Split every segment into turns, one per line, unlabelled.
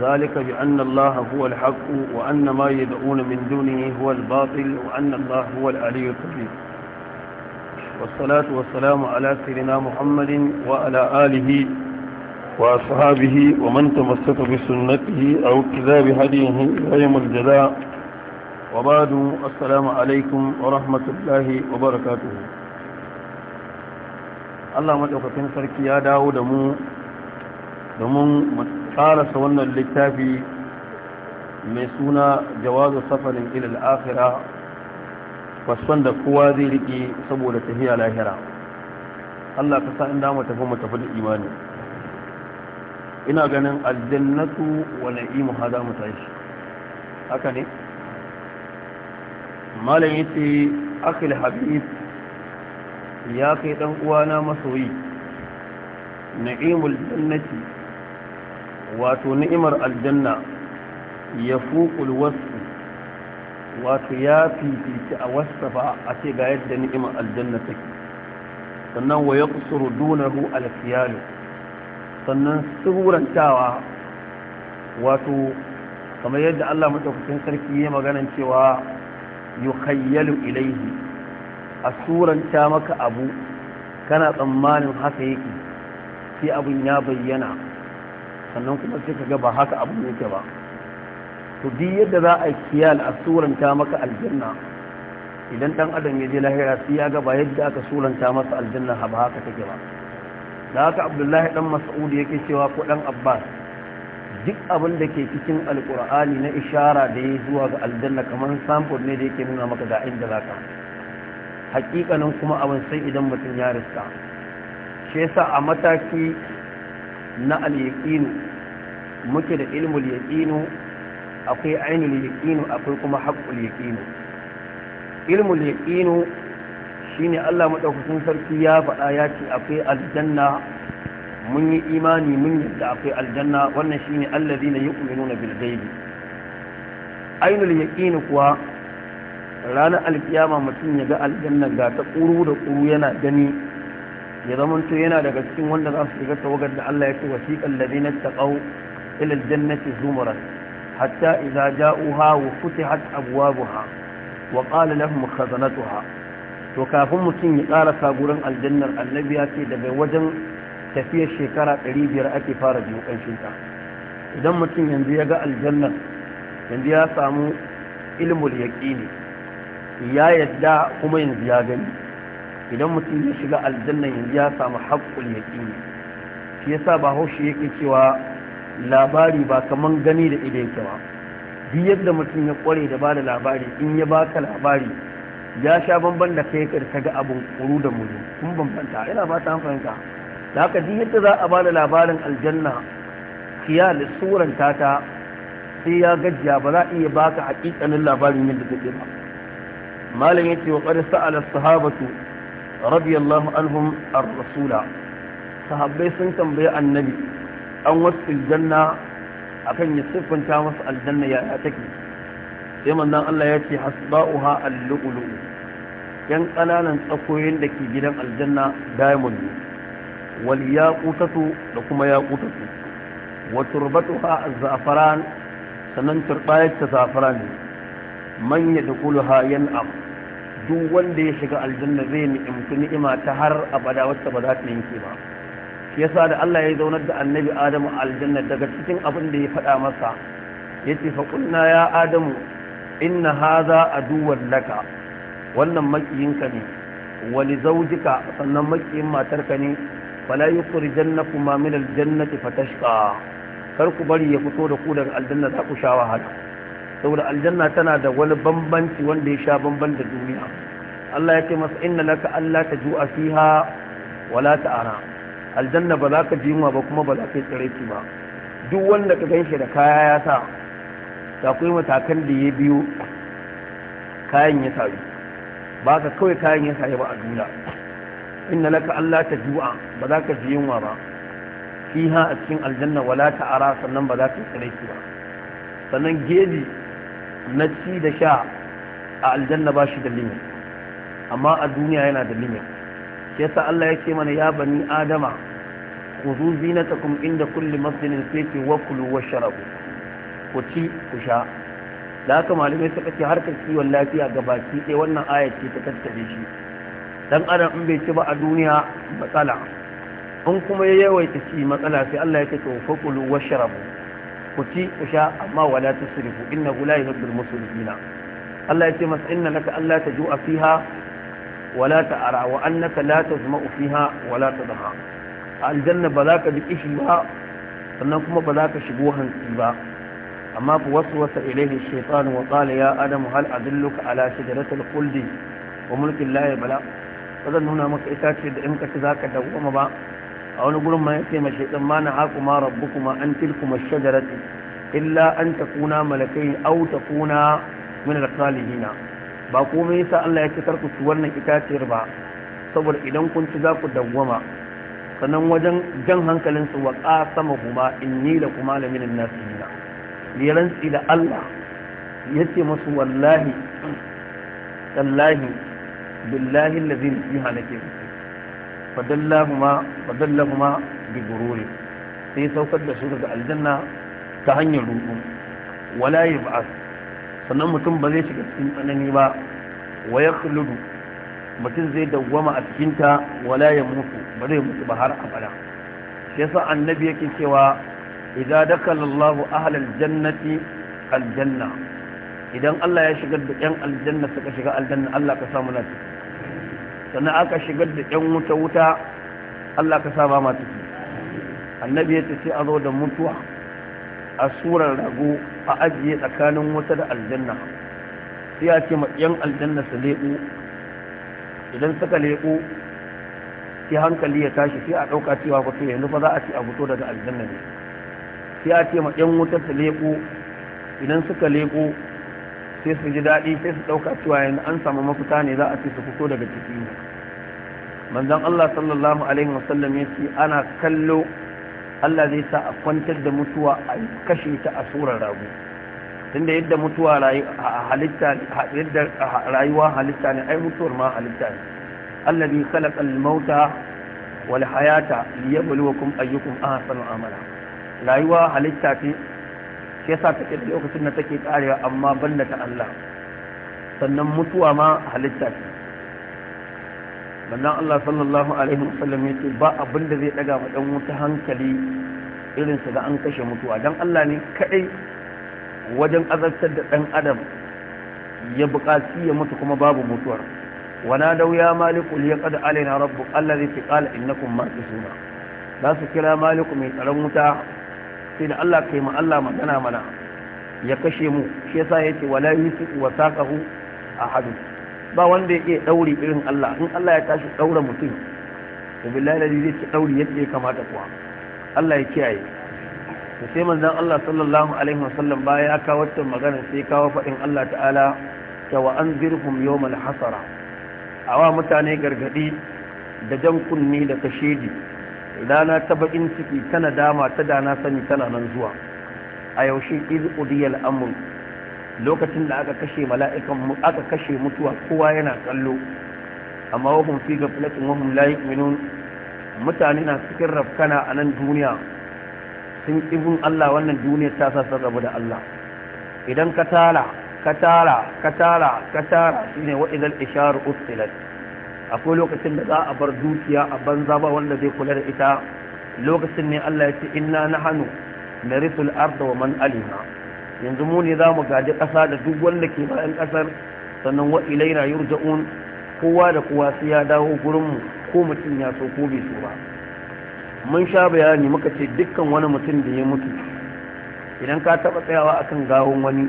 ذلك بأن الله هو الحق وأن ما يدعون من دونه هو الباطل وأن الله هو العلي الكبير والصلاة والسلام على سيدنا محمد وعلى آله وأصحابه ومن تمسك بسنته أو كذاب هديه إلى يوم الجزاء وبعد السلام عليكم ورحمة الله وبركاته الله مدعوكتين سركي يا داود مو domin karasa wannan littafi mai suna jawazu safarin ilil akhira wasan da kowa zai riƙe saboda tafiya lahira Allah ka sa inda mu tafi mu tafi da imani ina ganin aljannatu wa na'imu hada mu haka ne malam yace akhil habib ya kai dan uwana masoyi na'imul jannati wato ni'imar aljanna ya fuƙul wasu wato ya fifici a wasafa a ce ga yadda ni'imar aljanna take sannan wa ya kusuru dunahu alfiyalu sannan tsurantawa wato kamar yadda Allah mutafukin sarki ya maganan cewa yukhayyalu ilaihi a suranta maka abu kana tsammanin haka yake sai abin ya bayyana sannan kuma sai ka ga ba haka abu ne yake ba to duk yadda za a kiyal a suranta maka aljanna idan dan adam ya je lahira sai ya ga ba yadda aka suranta masa aljanna ba haka take ba da haka abdullahi dan mas'ud yake cewa ko dan abbas duk abin da ke cikin alkur'ani na ishara da ya zuwa ga aljanna kamar samfur ne da yake nuna maka da inda za ka hakikanin kuma abin sai idan mutum ya riska shi yasa a mataki na al-yaqinu muke da ilmul yaqinu akwai ainul yaqinu akwai kuma haqqul yaqinu ilmul yaqinu shine Allah madaukakin sarki ya faɗa ya ce akwai aljanna mun yi imani mun yadda akwai aljanna wannan shine allazina yu'minuna bil ghaibi ainul yaqin kuwa ranar alkiyama mutum ya ga aljanna ga ta kuru da kuru yana gani ya zamanto yana daga cikin wanda za su shiga tawagar da Allah ya ce wasiqal ladina ƙau ila aljannati zumran hatta idza ja'uha wa futihat abwabuha wa qala lahum khazanatuha to kafin mutum ya karasa gurin aljannar annabi ya ce daga wajen tafiyar shekara 500 ake fara biyu kanshin ta idan mutum yanzu ya ga aljannar yanzu ya samu ilmul yaqini ya yadda kuma yanzu ya gani idan mutum ya shiga aljanna yanzu ya samu haƙƙul yaƙini shi sa ba haushi yake cewa labari ba kaman gani da ido yake ba duk yadda mutum ya ƙware da ba da labari in ya ba ka labari ya sha bamban da kai ka ta ga abin kuru da muni kun bambanta ina ba ta fahimta da haka duk yadda za a ba da labarin aljanna kiyal suran tata sai ya gajiya ba za a iya baka hakikanin labarin yadda take ba malam yace wa qad sa'ala sahabatu radiyallahu anhum ar-rasula sahabbai sun tambayi annabi an wasu aljanna akan ya siffanta masu aljanna ya ya take sai manzon Allah ya ce hasba'uha al-lu'lu yan kananan tsakoyin da ke gidan aljanna diamond ne wal yaqutatu da kuma yaqutatu wa turbatuha az-za'faran sanan turbayat ta za'faran man yadkhuluha yan'am duk wanda ya shiga aljanna zai ni'imtu ni'ima ta har abada wacce ba za ta yanke ba shi yasa da Allah ya zaunar da annabi Adamu aljanna daga cikin abin da ya faɗa masa yace fa kunna ya Adamu inna hadha aduwwan laka wannan makiyinka ne wani zaujika sannan makiyin matarka ne fala yukhrijannakuma min aljannati fatashqa kar ku bari ya fito da ku daga aljanna za ku sha wahala saboda aljanna tana da wani bambanci wanda ya sha bamban da duniya Allah ya ce masa inna laka Allah ta ju'a fiha wala ta'ara aljanna ba za ka ji yunwa ba kuma ba za ka yi tsiraici ba duk wanda ka ganshi da kaya ya sa ta akwai matakan da ya biyo kayan ya sayu ba ka kawai kayan ya sayu ba a duniya inna laka Allah ta ju'a ba za ka ji yunwa ba fiha a cikin aljanna wala ta'ara sannan ba za ka yi tsiraici ba sannan gedi na ci da sha a aljanna ba shi da limit amma a duniya yana da limit shi sa Allah ce mana ya bani adama na zinatakum inda kulli masjidin sayti wa kulu ku ci ku sha da haka malamai suka ce harkar kiwon lafiya ga baki ɗaya wannan aya ce ta tattare shi dan adam in bai ci ba a duniya matsala in kuma ya yawaita ci matsala sai Allah ya ce to fakulu sharabu. ku ci ku sha amma wala tusrifu innahu la yuhibbul musrifina Allah ya ce masa inna laka ju tajua fiha wala ta'ara wa annaka la tazma'u fiha wala A aljanna ba za ka ji kishi ba sannan kuma ba za ka shigo hantsi ba amma wasu waswasa ilayhi shaytan wa qala ya adam hal adulluka ala shajaratil kuldi wa mulkin la Ba zan nuna maka itace da in ka ci zaka dawwama ba a wani gurin ma ce ma shaytan ma na hakuma kuma an tilkuma shajarati illa an kuna malakai ta kuna min al ba komai yasa Allah ya ce karku ci wannan itaciyar ba saboda idan kun ci za ku dawwama sannan wajen jan hankalin su wa qasama huma inni la kuma la min an-nasihin ya da Allah yace musu wallahi tallahi billahi allazi fiha fadallahuma fadallahuma bi gururi sai saukar da su daga aljanna ta hanyar ruɗu, wala yab'as sannan mutum ba zai shiga cikin tsanani ba wa yakhludu mutum zai dawwama a cikin ta wala ya mutu ba zai mutu ba har abada shi yasa annabi yake cewa idza dakala Allahu ahlal jannati aljanna idan Allah ya shigar da yan aljanna suka shiga aljanna Allah ka samu lafiya sannan aka shigar da yan wuta wuta Allah ka saba ma tafi annabi ya ce sai a zo da mutuwa a surar rago a ajiye tsakanin wuta da aljanna sai ya ce yan aljanna su leƙo idan suka leƙo sai hankali ya tashi sai a ɗauka cewa ba to yanzu ba za a ce a fito daga aljanna ne sai a ce ma yan wuta su leƙo idan suka leƙo sai su ji daɗi sai su ɗauka cewa yanzu an samu mafita ne za a ce su fito daga ciki manzon Allah sallallahu alaihi wasallam ya ce ana kallo Allah zai sa a kwantar da mutuwa a kashe ta a surar rago tunda yadda mutuwa halitta yadda rayuwa halitta ne ai mutuwar ma halitta ne allazi khalaqa al-mauta wal hayata liyabluwakum ayyukum ahsanu amala rayuwa halitta ce shi yasa take da lokacin da take karewa amma banda ta Allah sannan mutuwa ma halitta ce manzon Allah sallallahu alaihi wasallam ce ba abin da zai daga ma dan wuta hankali irin su ga an kashe mutuwa dan Allah ne kadai wajen azabtar da dan adam ya buƙaci ya mutu kuma babu mutuwar wana da ya maliku liya qad alaina rabbuk allazi qala innakum makisuna za su kira maliku mai tsaron wuta sai da Allah kai ma Allah magana mana ya kashe mu shi yasa yace wala yusiku wa saqahu ahad ba wanda yake daure irin Allah in Allah ya tashi daura mutum to billahi da zai ci daure yadda ya kamata kuwa Allah ya kiyaye to sai manzon Allah sallallahu alaihi wasallam baya ya kawo wannan magana sai kawo fadin Allah ta'ala ta wa anzirhum yawmal hasara awa mutane gargadi da jan kunni da kashedi rana ta bakin ciki tana dama ta dana sani tana nan zuwa a yaushe iz qudiyal amr lokacin da aka kashe mala'ikan aka kashe mutuwa kowa yana kallo amma wahum fi ghaflatin wahum la yu'minun mutane na cikin rafkana a nan duniya sun ibun Allah wannan duniya ta sa gaba da Allah idan ka tara ka tara ka tara ka tara shine wa idal isharu ustilat akwai lokacin da za a bar dukiya a banza ba wanda zai kula da ita lokacin ne Allah ya ce inna na narisul arda wa man alima yanzu mu ne za mu gaji ƙasa da duk wanda ke bayan ƙasar sannan wa ilaina yurja'un kowa da kowa sai ya dawo gurin mu ko mutum ya so ko bai so ba mun sha bayani muka ce dukkan wani mutum da ya mutu idan ka taɓa tsayawa akan gawon wani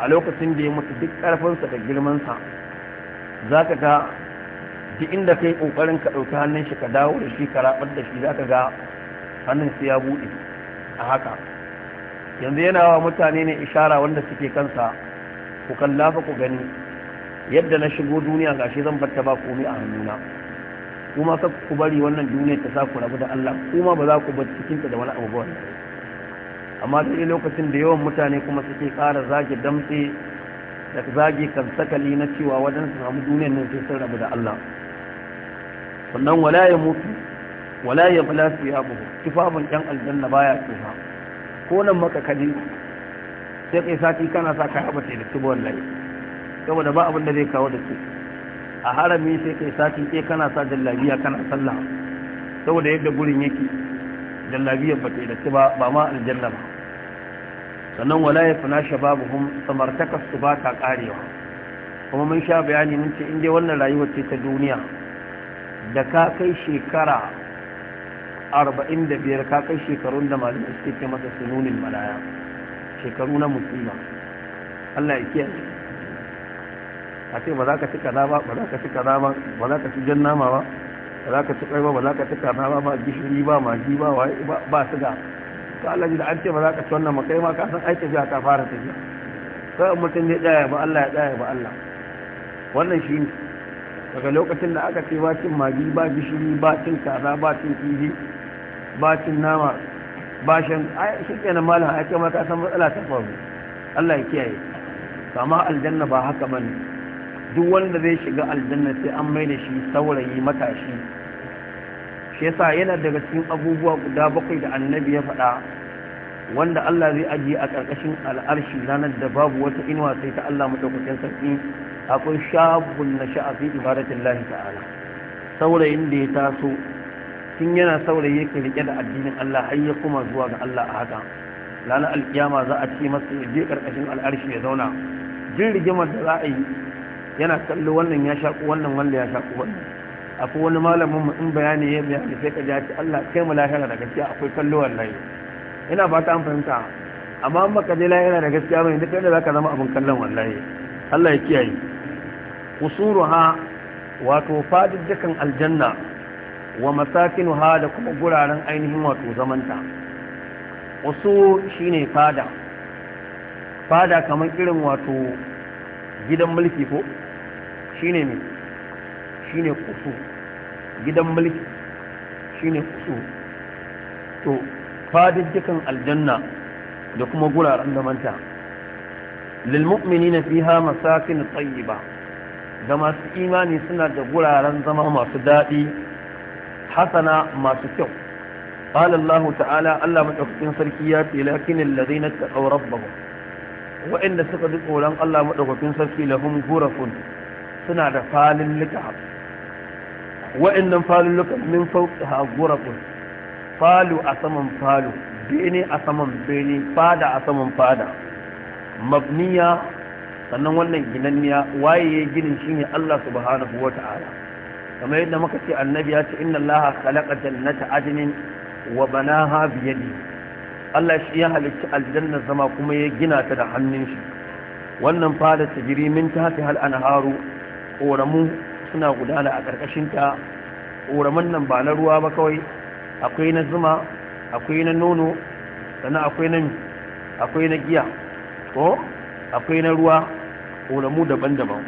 a lokacin da ya mutu duk ƙarfinsa da girmansa za ka ga duk inda kai ƙoƙarin ka ɗauki hannun shi ka dawo da shi ka raɓar da shi za ka ga hannun sai ya buɗe a haka yanzu yana wa mutane ne ishara wanda suke kansa ku lafa ku gani yadda na shigo duniya shi zan batta ba komai a hannuna kuma ka ku bari wannan duniya ta sa ku rabu da Allah kuma ba za ku bar cikin ta da wani abu ba amma dai lokacin da yawan mutane kuma suke ƙara zage damtse da zage kan sakali na cewa wajen su samu duniyar nan sai sun rabu da Allah sannan wala ya mutu wala ya bala su ya buhu tufafin ɗan aljanna baya tsufa ko nan maka kaji sai kai sati kana sa kai ba da tuba wallahi saboda ba abin da zai kawo da su a harami sai kai sati sai kana sa jallabiya kana sallah saboda yadda gurin yake jallabiya ba ta yi da ba ba ma aljanna ba sannan wala ya fina shababuhum samartakar su ba ta karewa kuma mun sha bayani mun ce inda wannan rayuwa ce ta duniya da ka kai shekara arba'in da biyar ka kai shekarun da malamai suke ce masa sununin malaya shekaru na musulma Allah ya kiyaye a ce ba za ka ci kaza ba ba za ka ci kaza ba ba za ka ci jan nama ba ba za ka ci kai ba ba za ka ci kaza ba ba gishiri ba magi ba ba suga ka Allah ji da an ce ba za ka ci wannan makai ma ka san ai tafiya ta fara tafiya sai mutum ya tsaya ba Allah ya tsaya ba Allah wannan shi ne daga lokacin da aka ce ba cin magi ba gishiri ba cin kaza ba cin kifi ba cin nama ba shan ai shi kenan malam ai ka san matsala ta faru Allah ya kiyaye amma aljanna ba haka bane duk wanda zai shiga aljanna sai an mai da shi saurayi matashi shi yasa yana daga cikin abubuwa guda bakwai da annabi ya faɗa wanda Allah zai ajiye a ƙarƙashin al'arshi ranar da babu wata inuwa sai ta Allah madaukakin sarki akwai shabun na sha'afi ibadatin lahi ta'ala saurayin da ya taso tun yana saurayi yake rike da addinin Allah har ya kuma zuwa ga Allah a haka ranar alkiyama za a ce masa ya je ƙarƙashin al'arshi ya zauna jin rigimar da za a yi yana kallo wannan ya shaƙo wannan wanda ya shaƙo wannan akwai wani malamin mu in bayani ya bayani sai ka ji Allah kai mu lahira da gaskiya akwai kallo wallahi ina fata an fahimta amma in ka je lahira da gaskiya mai duk za zaka zama abin kallon wallahi Allah ya kiyaye usuruha wato fadiddukan aljanna wa masakinuha da kuma guraren ainihin wato zamanta usur shine fada fada kamar irin wato gidan mulki ko shine ne shine kusur gidan mulki shine kusu to fadiddikan aljanna da kuma guraren da manta lilmu'minina fiha masakin tayyiba da masu imani suna da guraren zama masu daɗi hasana masu kyau قال الله تعالى ألا من أفتن سركيات لكن الذين اتقوا ربهم وإن سقدقوا لن ألا من أفتن سركي لهم غرف سنع فال لكعب wa'annan lokacin min fawqiha ghurafun falu a saman falu bene a saman bene fada a saman fada mabniya sannan wannan ginanniya waye ya ginin shine Allah subhanahu Ta'ala? kamar yadda muka ce annabi ya ce inna Allah khalaqa jannata adnin wa banaha bi yadihi Allah shi ya halicci aljanna zama kuma ya gina ta da hannun shi wannan fada ta jiri min ta fi hal anharu koramu suna gudana a ƙarƙashinta Ƙoramin nan ba na ruwa ba kawai akwai na zuma akwai na nono sannan akwai na akwai na giya ko akwai na ruwa ƙoramu daban-daban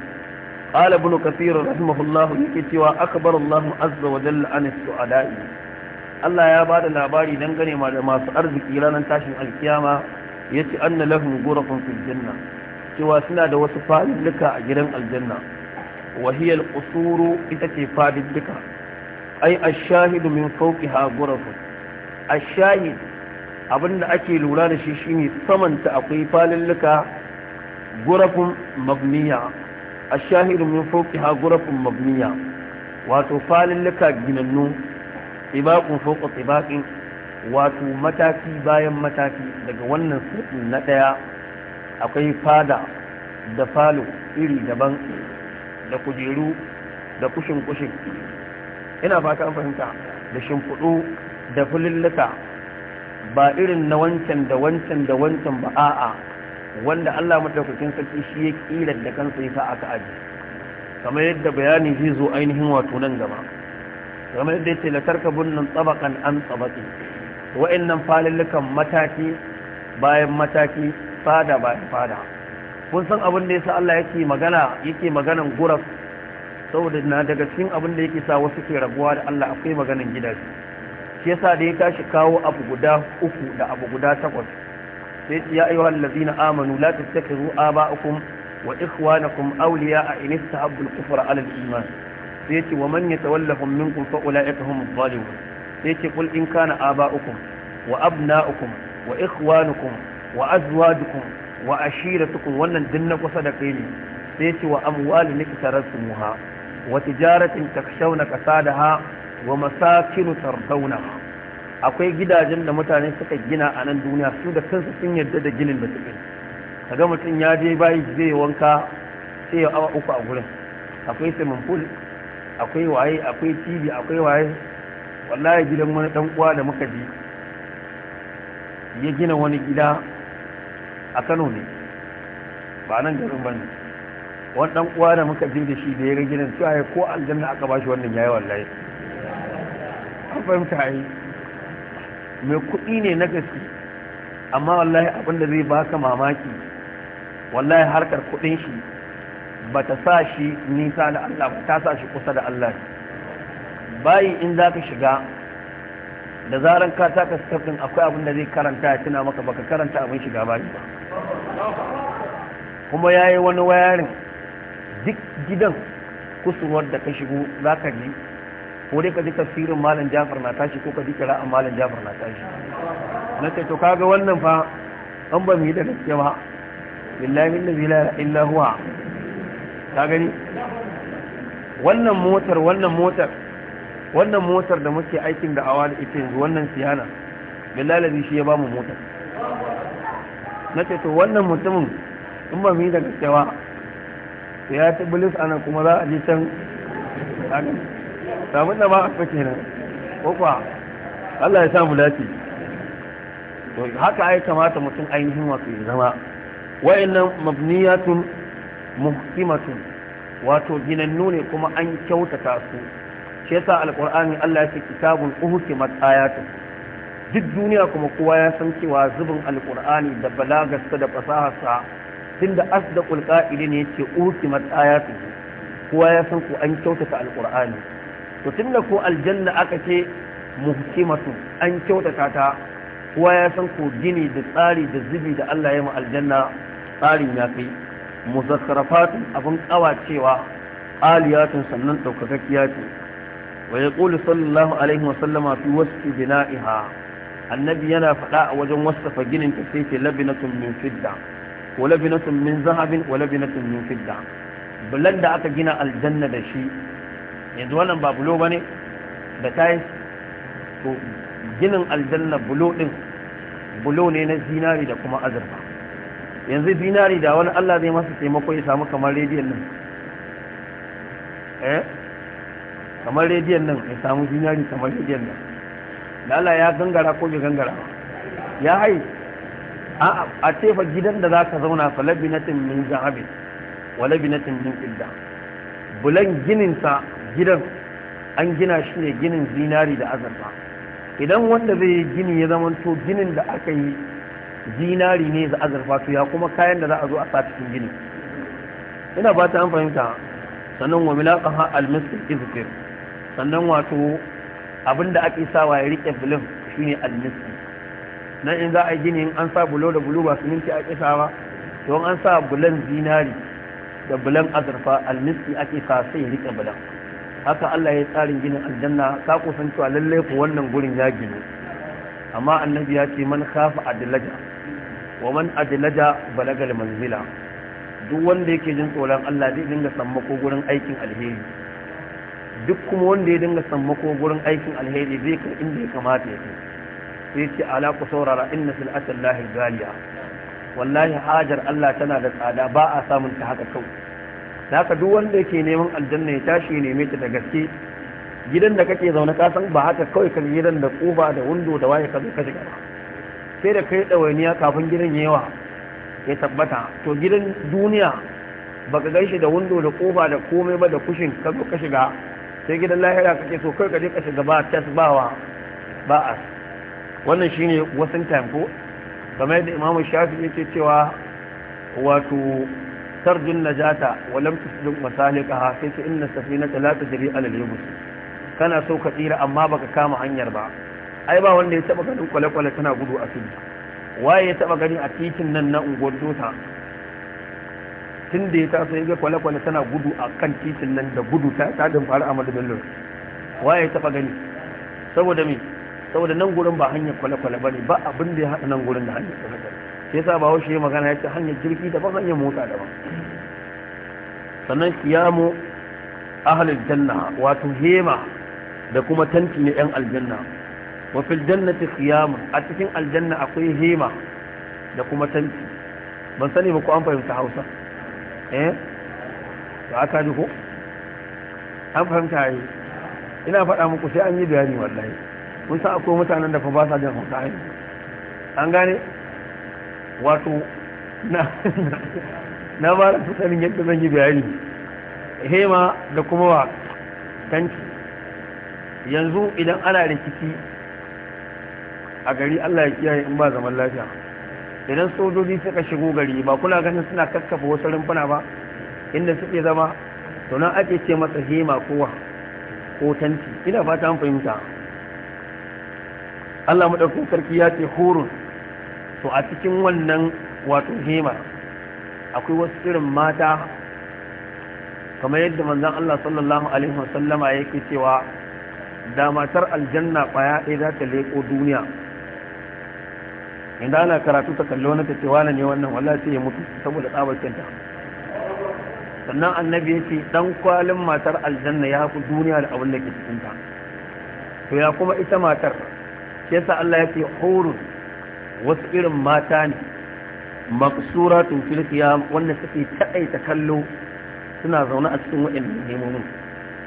qala ibn kathir rahimahullah yake cewa bar Allah azza wa jalla an su'ada'i Allah ya ba da labari dangane ma da masu arziki ranar tashin alkiyama yace anna lahum ghurafun fil janna cewa suna da wasu fa'iluka a gidan aljanna وهي القصور إتكي فاد بك أي الشاهد من فوقها غرف الشاهد abin da ake lura da shi shine samanta akwai falillika gurafin mabniya a shahidu min fauki ha gurafin mabniya wato falillika ginannu tsibakun wato mataki bayan mataki daga wannan sirri na ɗaya akwai fada da falo iri daban da kujeru da kushin kushin ina fata fahimta da shimfiɗu da fulillata ba irin na wancan da wancan da wancan ba a'a wanda Allah madaukakin sarki shi ya kila da kansa sa aka aji kamar yadda bayani zai zo ainihin wato nan gaba kamar yadda yace la tarkabun nan tabaqan an tabaqi wa'annan falillukan mataki bayan mataki fada bayan fada kun san abin da sa Allah yake magana yake maganan guraf saboda na daga cikin abin da yake sa wasu ke rabuwa da Allah akwai maganan gidaje shi yasa da ya tashi kawo abu guda uku da abu guda takwas sai ya ayyuha allazina amanu la tattakhizu aba'akum wa ikhwanakum awliya'a in istahabbu al-kufra 'ala al-iman sai yace wa man yatawallahum minkum fa ulaika hum adh-dhalimun sai yace qul in kana aba'ukum wa abna'ukum wa ikhwanukum wa azwajukum wa tuku wannan din na kusa da kai ne sai ce wa amwalin muha wa tijaratin takshawna kasadaha wa masakinu tardawnaha akwai gidajen da mutane suka gina a nan duniya su da kansu sun yarda da ginin da suke kaga mutum ya je bayi zai wanka sai ya awa uku a gurin akwai swimming pool akwai waye akwai tv akwai waye wallahi gidan wani dan uwa da muka je ya gina wani gida a kano ne ba nan garin ba ne wani uwa da muka ji da shi da ya ga nan cewa ya ko aljanna aka ba shi wannan yayi wallahi an fahimta yi mai kuɗi ne na gaske amma wallahi abin da zai baka mamaki wallahi harkar kuɗin shi ba ta sa shi nisa da Allah ba ta sa shi kusa da Allah bayi in za ka shiga da zaran ka taka step akwai abin da zai karanta ya tuna maka baka karanta abin shiga ba ba kuma ya yi wani wayarin duk gidan kusurwar da ka shigo za ka ji ko dai ka ji tafsirin malam Jafar na tashi ko ka ji kira'an malam Jafar na tashi na ce to kaga wannan fa an ba mu yi da gaske ba billahi allazi la illa huwa ka gani wannan motar wannan motar wannan motar da muke aikin da awa da ita yanzu wannan siyana billahi shi ya ba mu motar na ce to wannan mutumin in ba mu yi daga cewa ya ta bilis ana kuma za a je can samun da ba a fi nan ko kuwa Allah ya samu dace to haka ai kamata mutum ainihin wato ya zama wa'annan mabniyatun muhkimatun wato ginannu ne kuma an kyautata su shi yasa alqur'ani Allah yake kitabun uhkimat ayatu duk duniya kuma kowa ya san cewa zubin alkur'ani da balagarsa da fasaharsa tunda asdaqul qa'ili ne yake uhkimat ayatu kowa ya san ku an kyautata alqur'ani to tunda ko aljanna aka ce muhkimatu an kyautata ta kowa ya san ku gini da tsari da zubi da Allah ya mu aljanna tsarin ya kai muzakkarafatu abin kawacewa aliyatun sannan daukakakkiya ce wa yaqulu sallallahu alaihi wa sallama fi wasfi bina'iha annabi yana faɗa a wajen wasafa ginin ta sai ce labinatun min fidda wa labinatun min zahabin wa labinatun min fidda bulan aka gina aljanna da shi yanzu wannan ba bulo da ginin aljanna bulo din bulo ne na zinari da kuma azurfa yanzu zinari da wani Allah zai masa taimako ya samu kamar rediyon nan eh kamar rediyon nan ya samu zinari kamar rediyon nan lala ya gangara ko bai gangara ya hai a tefa gidan da za ka zauna fa labinatin min zahabi wa labinatin min idda bulan ginin sa gidan an gina shi ne ginin zinari da azurfa idan wanda zai gini ya zama to ginin da aka yi zinari ne da azurfa to ya kuma kayan da za a zo a sa cikin gini ina ba ta an fahimta sannan wa milaqaha al-misr izkir sannan wato abinda ake sawa ya rike shi shine almiski nan in za a yi gini in an sa bulo da bulo ba siminti ake sawa to an sa bulan zinari da bulan azurfa almiski ake sa sai rike bulan haka Allah ya tsarin ginin aljanna ka kusan cewa lalle ku wannan gurin ya gino amma annabi ya ce man khafa adlaja wa man adlaja balagal manzila duk wanda yake jin tsoron Allah zai dinga sammako gurin aikin alheri duk kuma wanda ya dinga sammako gurin aikin alheri zai kai inda ya kamata ya kai sai ce ala ku saurara inna fil lahi galiya wallahi hajar Allah tana da tsada ba a samun ta haka kau haka duk wanda yake neman aljanna ya tashi neme ta da gaske gidan da kake zaune ka san ba haka kawai kan gidan da kuba da windo da waye ka zo ka shiga sai da kai dawainiya kafin gidan yawa ya tabbata to gidan duniya baka gaishe da windo da kofa da komai ba da kushin ka zo ka shiga sai gidan lahira kake so kai ka je ka shiga ba tas bawa ba a wannan shine wasan time ko kamar yadda imamu shafi yake cewa wato tarjun najata wa lam tuslim masalikaha sai ce inna safinata la tajri ala al kana so ka tsira amma baka kama hanyar ba ai ba wanda ya taba ganin kwale-kwale tana gudu a fili waye ya taba gani a titin nan na unguwar dota tun da ya taso ya ga kwale-kwale tana gudu a kan titin nan da gudu ta tadin faru a wa waye taɓa gani saboda me saboda nan gurin ba hanyar kwale-kwale ba ne ba abin da ya haɗa nan gurin da hanyar kwale-kwale sai yasa ba haushe magana ya ce hanyar jirgi ba hanyar mota ba sannan kiyamu ahalin janna wato hema da kuma tanti na yan aljanna wafil jannati kiyamu a cikin aljanna akwai hema da kuma tanti ban sani ba ku an fahimta hausa eh to aka ji ko an fahimta yi ina faɗa muku sai an yi bayani wallahi mun san akwai mutanen da fa ba sa jin hausa ai an gane wato na na ba da sanin yadda zan yi bayani hema da kuma wa tanki yanzu idan ana rikici a gari Allah ya kiyaye in ba zaman lafiya idan sojoji suka shigo gari ba kuna ganin suna kakkafa wasu rumfuna ba inda suke zama to nan ake ce masa hema kowa ko tanti ina fata an fahimta Allah dauko sarki ya ce hurun to a cikin wannan wato hema akwai wasu irin mata kamar yadda manzon Allah sallallahu alaihi wasallama yake cewa da matar aljanna kwaya ɗaya za ta leƙo duniya inda ana karatu ta kallo na tace wani ne wannan wallahi sai ya mutu saboda tsabar kenta sannan annabi ya ce dan kwalin matar aljanna ya haku duniya da abin da ke cikin ta to ya kuma ita matar shi yasa Allah ya ce hurun wasu irin mata ne maqsuratun fil qiyam wanda suke taƙaita kallo suna zaune a cikin wa'annan nemomi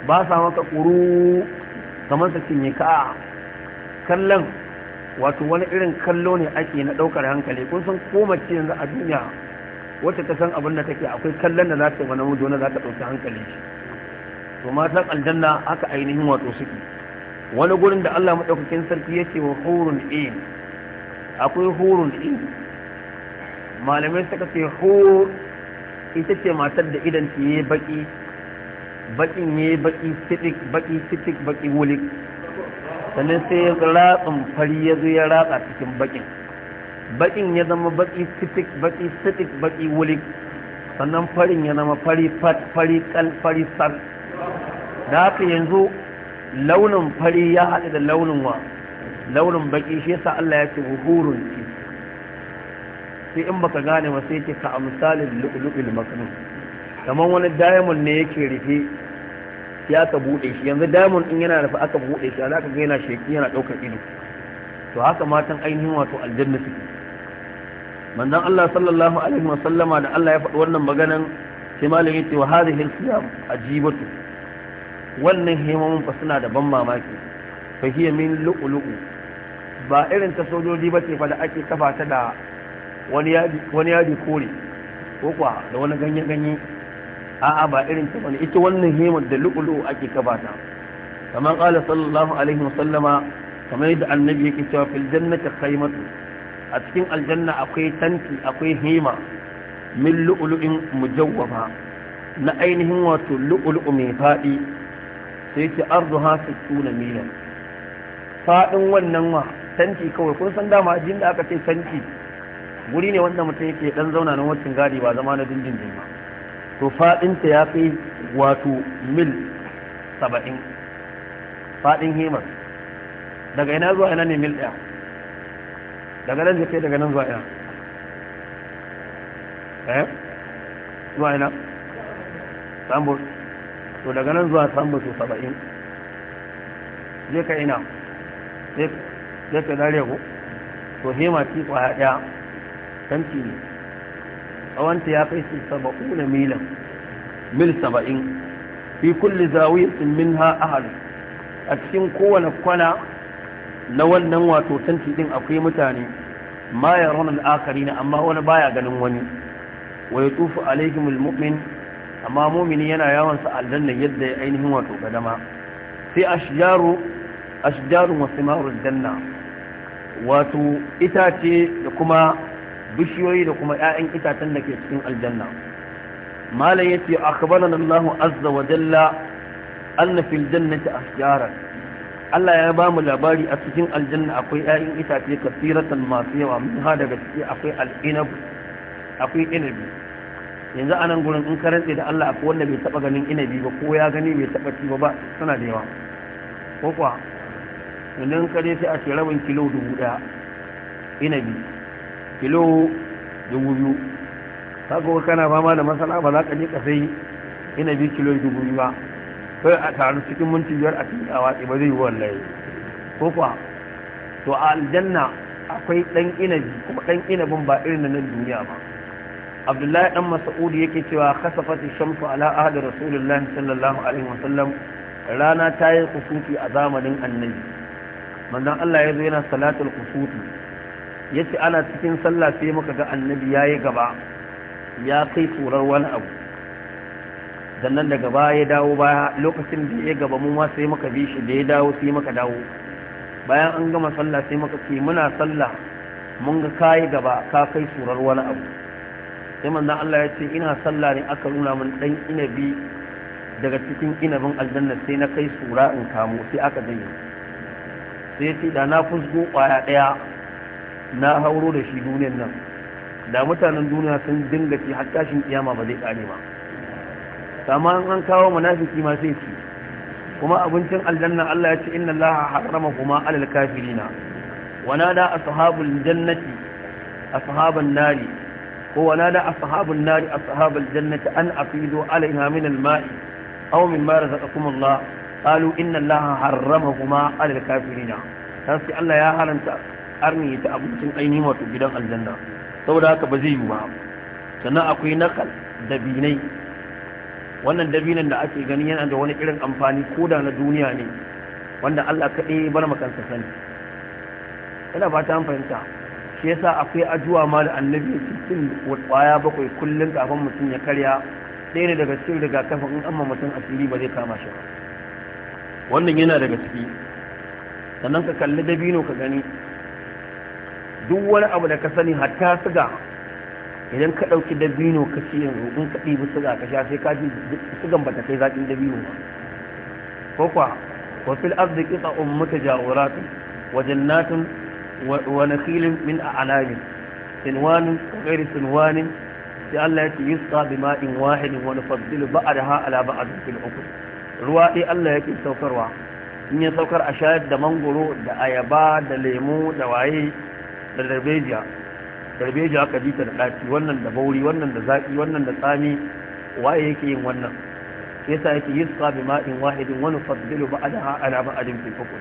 ba sa maka kuru kamar su cinye ka kallon wato wani irin kallo ne ake na ɗaukar hankali kun san koma ce yanzu a duniya wacce ta san abin da take akwai kallon da za ta yi wani mudu na za ta ɗauki hankali shi to matan aljanna haka ainihin wato suke wani gurin da Allah maɗaukakin sarki ya ce wa hurun in akwai hurun in malamai suka ce hur ita ce matar da idan ta yi baki bakin ya yi baki sitik baki sitik baki wulik sannan sai ya ratsun fari ya zo ya ratsa cikin bakin bakin ya zama baki sitik baki sitik baki wulik sannan farin ya zama fari fat fari kal fari sar da haka yanzu launin fari ya haɗu da launin wa launin baki shi yasa Allah ya ce hurun ki sai in baka gane ba sai ce ka amsalin lu'lu'il maknun kamar wani diamond ne yake rufe ya ka buɗe shi yanzu damun in yana da aka buɗe shi za ka ga yana sheki yana ɗaukar ido to haka matan ainihin wato aljanna suke manzon Allah sallallahu alaihi wa sallama da Allah ya faɗi wannan maganan sai malam yace wa hadhihi al-siyam ajibatu wannan himamun fa suna da ban mamaki fa hiya min lu'lu'u ba irin ta sojoji bace fa da ake kafa ta da wani yadi wani yadi kore ko kwa da wani ganye ganye a'a ba irin ta bane ita wannan himar da lu'ulu ake kabata kamar qala sallallahu alaihi wasallama kamar yadda annabi yake cewa fil jannati khaymatu a cikin aljanna akwai tanti akwai hima min lu'lu'in mujawwaba na ainihin wato lu'lu'u mai fadi sai ce arduha 60 milan fadin wannan wa tanti kawai kun san dama jin da aka ce tanti guri ne wanda mutum yake dan zauna na wacin gadi ba zama na dindindin ba to faɗinta ya fi wato mil saba'in faɗin hemar daga ina zuwa ina ne mil ɗaya daga nan zai kai daga nan zuwa ina eh zuwa ina sambur to daga nan zuwa sambur to saba'in zai kai ina zai kai dare ko to hema ci kwaya ɗaya tanti ne tsawonta ya kai su saba'una milan mil saba'in fi kulli zawiyatin ha ahal. a cikin kowane kwana na wannan wato tanti din akwai mutane ma ya rana al'akarina amma wani baya ganin wani wa ya tufu alaihimul mu'min amma mumini yana yawon sa aljanna yadda ya ainihin wato gadama sai ashjaru ashjarun wasu marun janna wato itace da kuma bishiyoyi da kuma 'ya'yan itacen da ke cikin aljanna malam ya yace akhbarana Allahu azza wa jalla anna fil jannati ashjaran Allah ya bamu labari a cikin aljanna akwai 'ya'yan itace kasiratan masu yawa mun ha daga ciki akwai al'inab akwai inabi yanzu nan gurin in karanta da Allah akwai wanda bai taba ganin inabi ba ko ya gani bai taba ci ba suna da yawa ko kuwa yanzu in kare sai a ce rabin kilo dubu daya inabi kilo dubu biyu ta kuma kana fama da masana ba za ka je ka sai biyu kilo dubu biyu ba sai a taru cikin minti biyar a cikin a watsi ba zai yi wallahi ko kuwa to a aljanna akwai dan inabi kuma dan inabin ba irin na nan duniya ba abdullahi dan mas'ud yake cewa khasafati shamsu ala ahdi rasulullah sallallahu alaihi wasallam rana ta yi kusufi a zamanin annabi manzon Allah ya zo yana salatul kusufi ya ce ana cikin sallah sai muka ga annabi yayi gaba ya kai turar wani abu sannan daga baya ya dawo baya lokacin da ya gaba mu ma sai muka bi shi da ya dawo sai muka dawo bayan an gama sallah sai muka ce muna sallah mun ga yi gaba ka kai turar wani abu sai manzo Allah ya ce ina sallah ne aka nuna mun dan inabi daga cikin inabin aljanna sai na kai sura in kamo sai aka zai sai ya ce da na fusgo kwaya daya na hauro da shi duniyar nan da mutanen duniya sun dinga ci har tashin kiyama ba zai kare ba kama an kawo munafiki ma sai ci kuma abincin aljanna Allah ya ce inna Allah harrama kuma alal kafirina wa nada ashabul jannati ashaban nari ko wa nada ashabul nari ashabul jannati an afidu alaiha min al-ma'i aw min ma razaqakum Allah qalu inna Allah harrama kuma alal kafirina sai Allah ya haranta arni ya abincin ainihin wato gidan aljanna saboda haka ba zai yi ba sannan akwai nakal dabinai wannan dabinan da ake gani yana da wani irin amfani ko da na duniya ne wanda Allah kaɗai bar makansa sani ina ba ta fahimta shi yasa akwai ajuwa ma da annabi ya cikin kwaya bakwai kullum kafin mutum ya karya ɗaya ne daga cikin rigakafin in amma mutum asiri ba zai kama shi ba wannan yana daga ciki sannan ka kalli dabino ka gani duk wani abu da ka sani hatta suga idan ka ɗauki dabino ka ci yanzu in ka ɗibi suga ka sha sai ka ji sugan ba ta kai zaƙin dabino ba ko kwa wa fil ardi qita'un mutajawiratu wa jannatin wa nakhilin min a'nabi sinwan ghayr sinwan sai Allah ya ce yusqa bima'in wahidin wa nufaddilu ba'daha ala ba'd fil hukm ruwa dai Allah yake saukarwa in ya saukar a shayar da mangoro da ayaba da lemu da waye da darbejiya darbejiya aka ji da ɗaci wannan da bauri wannan da zaƙi wannan da tsami waye yake yin wannan yasa yake yisqa bi ma'in wahidin wa nufaddilu ba'daha ala ba'din fil hukm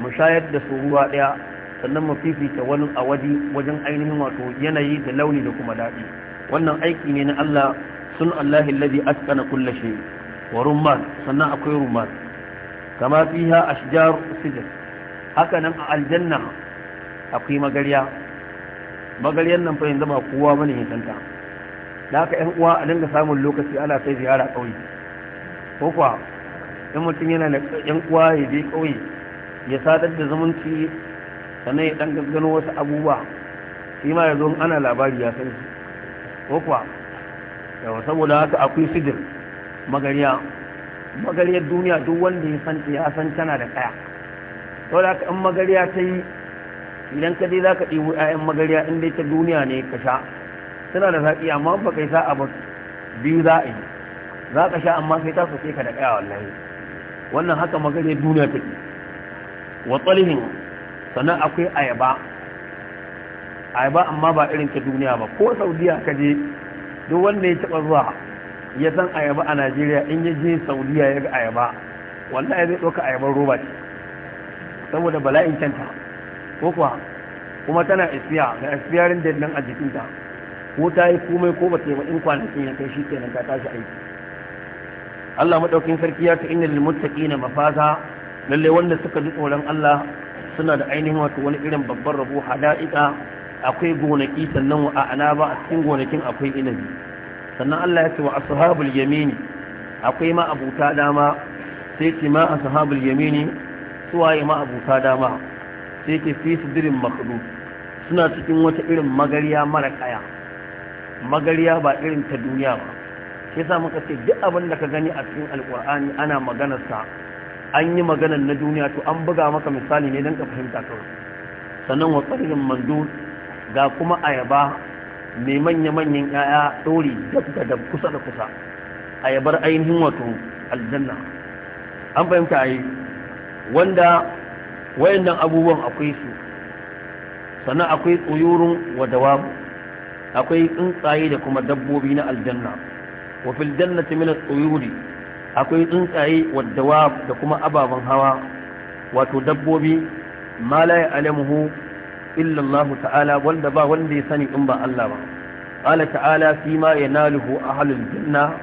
mu shayar da su ruwa ɗaya sannan mu fifita wani a waje wajen ainihin wato yanayi da launi da kuma daɗi wannan aiki ne na Allah sun Allah alladhi atqana kulla shay wa rumman sannan akwai rumman kama fiha ashjar sidr haka nan a aljanna akwai magarya magaryan nan fahimta zama ba kowa bane ya da aka yan uwa a dinga samun lokaci ana sai ziyara ƙauye ko kuwa in mutum yana da yan uwa ya je kauye ya sadar da zumunci sannan ya dan gaggano wasu abubuwa shi ma ya zo ana labari ya san ko kuwa yawa saboda haka akwai sidir magariya magariyar duniya duk wanda ya san tana da kaya saboda haka in magariya ta yi idan ka je za ka ɗibu 'ya'yan magarya in dai ta duniya ne ka sha suna da zaƙi amma ba kai sa'a ba biyu za a yi za ka sha amma sai ta sosai ka da ɗaya wallahi wannan haka magariya duniya ɗi wa tsalihin sannan akwai ayaba ayaba amma ba irin ta duniya ba ko saudiya ka je duk wanda ya taɓa zuwa ya san ayaba a najeriya in ya je saudiya ya ga ayaba wallahi zai ɗauka ayaban roba ce saboda bala'in kyanta ko kuwa kuma tana ispiya ga ispiyarin da nan a jikinta ko ta yi komai ko ba ta yi in kwanakin ya kai shi kenan ta tashi aiki Allah madaukin sarki ya ta inna lil muttaqina mafaza lalle wanda suka ji tsoron Allah suna da ainihin wato wani irin babban rabo hada'ika akwai gonaki sannan wa ana ba a cikin gonakin akwai inabi sannan Allah ya ce wa ashabul yamini akwai ma abuta dama sai ce ma ashabul yamini suwaye ma abuta dama sai ke fi su dirin makudu suna cikin wata irin magariya mara kaya magariya ba irin ta duniya ba shi sa muka ce duk abin da ka gani a cikin alkur'ani ana maganarsa an yi maganar na duniya to an buga maka misali ne don ka fahimta kawai sannan wa tsarin mandu ga kuma ayaba mai manya-manyan 'ya'ya ɗori dab da kusa da kusa ayabar ainihin wato aljanna an fahimta a yi wanda wayannan abubuwan akwai su sannan akwai tsoyorin wa akwai tsuntsaye da kuma dabbobi na aljanna wa fil jannati min at akwai tsuntsaye wa dawab da kuma ababan hawa wato dabbobi ma la ya'lamuhu illa Allah ta'ala wanda ba wanda ya sani in ba Allah ba qala ta'ala fi ma yanaluhu ahlul janna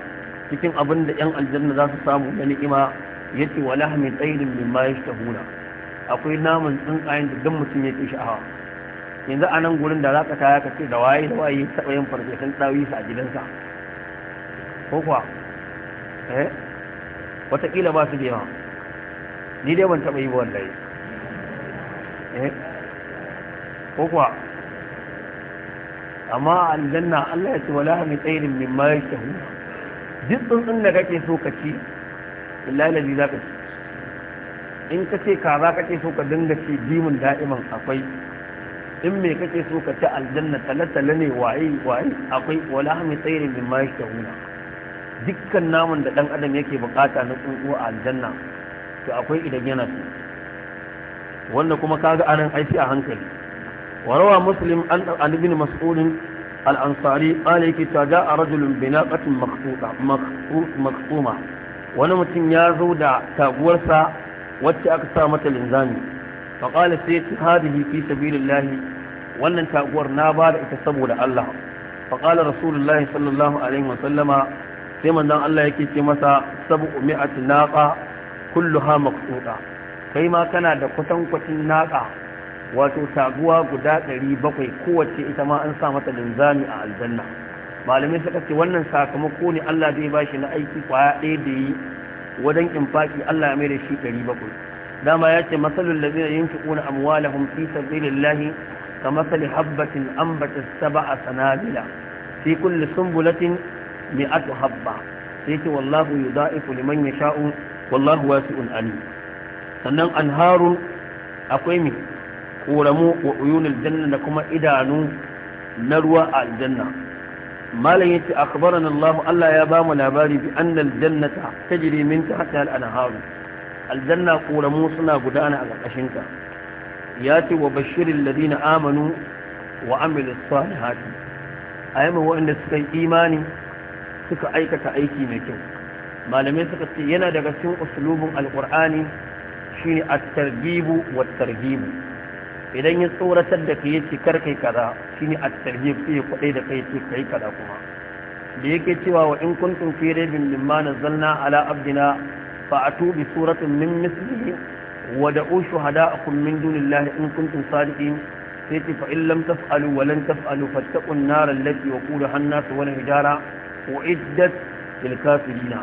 cikin abin da yan aljanna za su samu da ni'ima yace wa lahmi tayrin mimma yashtahuna akwai naman tsuntsayen da duk mutum ya ke sha'awa yanzu a nan gurin da za ka kaya ka ce da waye da waye taɓa yin farfesan ɗawisa a gidansa ko kuwa eh watakila ba su da yawa ni dai ban taɓa yi ba wallahi eh ko kuwa amma a aljanna Allah ya ce wala min khairin mimma yashtahu duk tsuntsun da kake so ka ci illa za ka ci in ka ce ka kaza kake so ka dinga ci dimin da'iman akwai in me kake so ka ci aljanna talatala ne waye waye akwai wala hamu tsairin bin ma yake huna dukkan naman da dan adam yake bukata na tsuntsu a aljanna to akwai idan yana so wanda kuma kaga anan aiki a hankali Wa warawa muslim an ibn mas'ud al-ansari qala yake ta a rajulun bi naqatin maqtuta maqtuma wani mutum ya zo da taguwarsa wacce aka sa mata linzami faƙala sai ce hadihi fi sabilillahi wannan taguwar na ba da ita saboda Allah faƙala rasulullahi sallallahu alaihi wa sallama sai manzon Allah yake ce masa sabu mi'at naqa kulluha maqtuta kai ma kana da kusan kwatin naqa wato taguwa guda 700 kowace ita ma an sa mata linzami a aljanna malamai suka ce wannan sakamako ne Allah zai bashi na aiki kwaya ɗaya da yi wajen infaki Allah ya mai da shi 700 dama ya ce masalul ladina yunfiquna amwalahum fi sabilillahi kamasali habbatin ambatat sab'a sanabila fi kulli sunbulatin mi'atu habba sai ce wallahu yudaifu liman yasha'u wallahu wasi'un alim sannan anharun akwai mi koramu wa uyunul janna da kuma idanu na ruwa a aljanna malam yace akhbarana Allah Allah ya ba mu labari bi annal jannata tajri min tahtiha al-anhar aljanna koramu suna gudana a ƙarƙashin ta yace wa Bashirin ladina amanu wa amilus A ayyama waɗanda suka yi imani suka aikata aiki mai kyau malamai suka ce yana daga cikin uslubin alqur'ani shine at-targhibu wat-targhibu idan ya tsoratar da ka yace kar kai kaza shine a tarhib fiye kudai da kai ce kai kaza kuma da yake cewa wa in kuntum fi raibin mimma nazzalna ala abdina fa atu bi suratin min mislihi wa da'u shuhada'akum min dunillahi in kuntum sadiqin sai ce fa in lam taf'alu wa lan taf'alu fattaqun nar allati waqudaha an-nas wal hijara wa iddat lil kafirin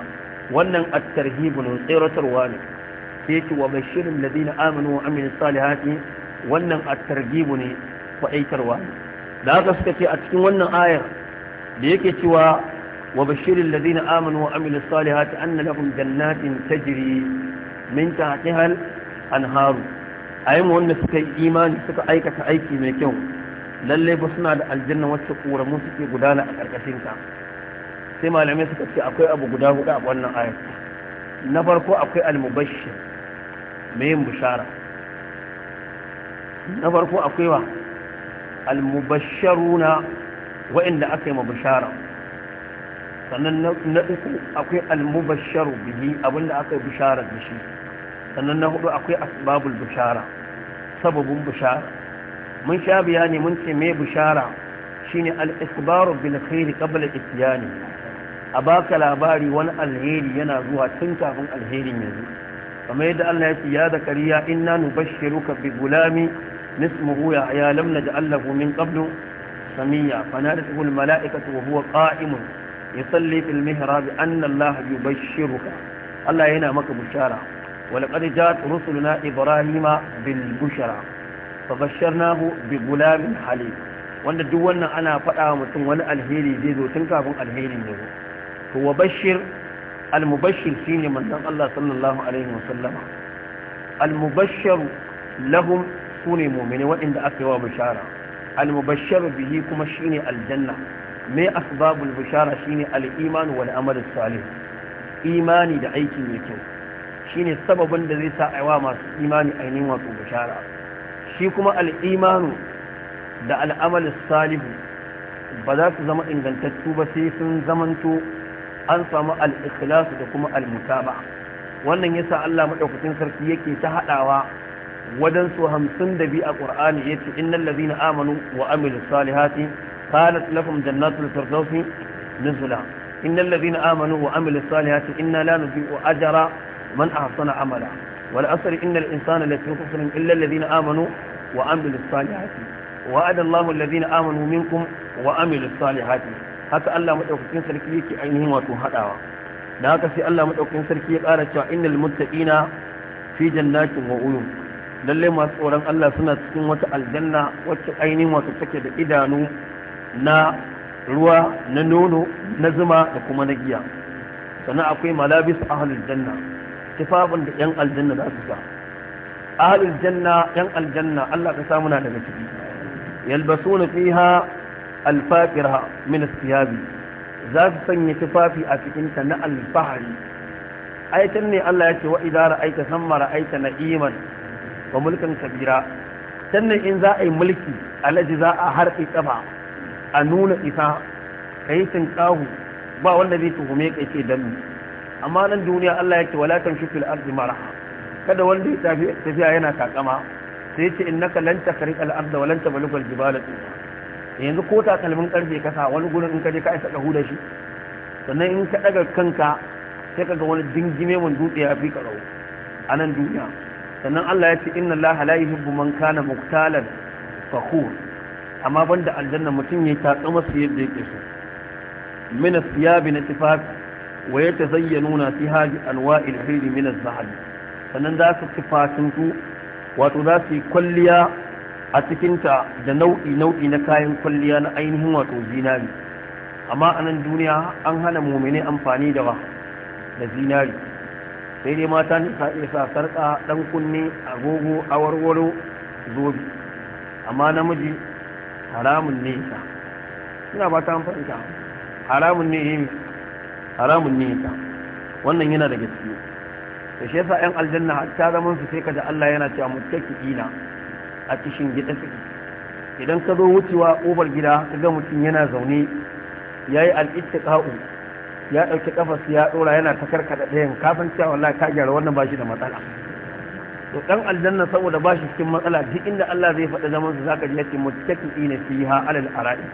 wannan at-tarhib ne ne sai ce wa bashirin ladina amanu wa amilus salihati wannan at-targhib ne faɗaitarwa da haka suka ce a cikin wannan ayar da yake cewa wa bashirin na amanu wa amilu salihati anna lahum jannatin tajri min tahtiha al-anharu ayyuma wanda suka yi imani suka aikata aiki mai kyau lalle ba suna da aljanna wacce koramu suke gudana a karkashin ta sai malamai suka ce akwai abu guda hudu a wannan ayar na farko akwai almubashi mai yin bishara na farko akwai wa almubasharuna wa'inda aka yi mabashara sannan na uku akwai almubasharu bihi abinda aka yi bishara da shi sannan na hudu akwai asbabul bishara sababin bishara mun sha bayani mun ce me bishara shine al-isbaru bil khairi qabla ityani a baka labari wani alheri yana zuwa tun kafin alherin yanzu kamar yadda Allah ya ce ya zakariya inna nubashshiruka bi gulami اسمه يحيى لم نجعل له من قبل سميا فنادته الملائكة وهو قائم يصلي في المهراب أن الله يبشرك الله هنا مك بشارة ولقد جاءت رسلنا إبراهيم بالبشرى فبشرناه بغلام حليم wanda duk wannan ana faɗa mutum wani alheri zai zo tun kafin alheri ya zo to wa bashir almubashir shine manzon Allah sallallahu alaihi wasallama almubashsharu lahum su ne mummini waɗanda aka yi wa bishara al-mubashshar bihi kuma ne aljanna mai asbabul bishara shi ne iman wal amal salih imani da aiki mai kyau ne sababin da zai sa aiwa masu imani ainihin wato bishara shi kuma al da al'amalin amal salih ba za su zama ingantattu ba sai sun zamanto an samu al da kuma al-mutaba wannan yasa Allah madaukakin sarki yake ta haɗawa. wadansu hamsin da biyu a ƙur'ani ya ce innan na amanu wa amilu salihati kanat lahum jannatul firdausi nuzula innal na amanu wa amilu salihati inna la nudhi'u ajra man ahsana amala wal asr innal insana lafi khusr illa na amanu wa amilu salihati وعد الله الذين آمنوا منكم وعملوا الصالحات haka Allah madaukakin sarki yake ainihin wato haɗawa. da haka sai Allah madaukakin sarki ya ƙara cewa innal muttaqina fi jannatin wa uyun lalle masu tsoron Allah suna cikin wata aljanna wacce ainihin wata take da idanu na ruwa na nono na zuma da kuma na giya sannan akwai malabis ahlul janna tufafin da yan aljanna za su sa ahlul janna yan aljanna Allah ka samu na daga ciki yalbasuna fiha alfaqira min asiyabi za su sanya tufafi a cikin ta na alfahari aitan ne Allah ya ce wa idara aita samma ra'aita na'iman wa mulkan kabira sannan in za a yi mulki alaji za a harfi kafa a nuna isa ka yi tinkahu ba wanda zai tuhume ka ce dan amma nan duniya Allah yake wala kan shi fil ardi maraha kada wanda ya tafi tafiya yana takama sai yace innaka lan takriq al arda wa lan tabluga al jibala yanzu ko takalmin karfe kasa wani gurin in ka je ka isa dahu da shi sannan in ka daga kanka sai ka ga wani dingime mun dutse ya fi karau a nan duniya sannan Allah ya ce inna Allah la yuhibbu man kana muktalan fakhur amma banda aljanna mutum ya tatsa su yadda yake so min asiyab na tifaf wa yatazayyanuna fi haji anwa'il khayr min az-zahab sannan za su tifatin ku wato za su yi kwalliya a cikin ta da nau'i nau'i na kayan kwalliya na ainihin wato zinari amma a nan duniya an hana mumini amfani da da zinari sai dai mata ne sa sarƙa ɗan kunne agogo warwaro zobe amma namiji haramun ne ka ina ba ta fahimta haramun ne yi haramun ne ka wannan yana da gaske da shi yasa yan aljanna hatta zaman su sai kaji Allah yana cewa ki ina a cikin gida idan ka zo wucewa ƙofar gida ka ga mutum yana zaune yayi al-ittiqa'u ya ɗauki ƙafarsa ya ɗora yana ta karkaɗa ɗayan kafin cewa wallahi ka gyara wannan ba da matsala to dan aljanna saboda ba cikin matsala duk inda Allah zai faɗa zaman su zaka ji yace muttaqina fiha alal ara'i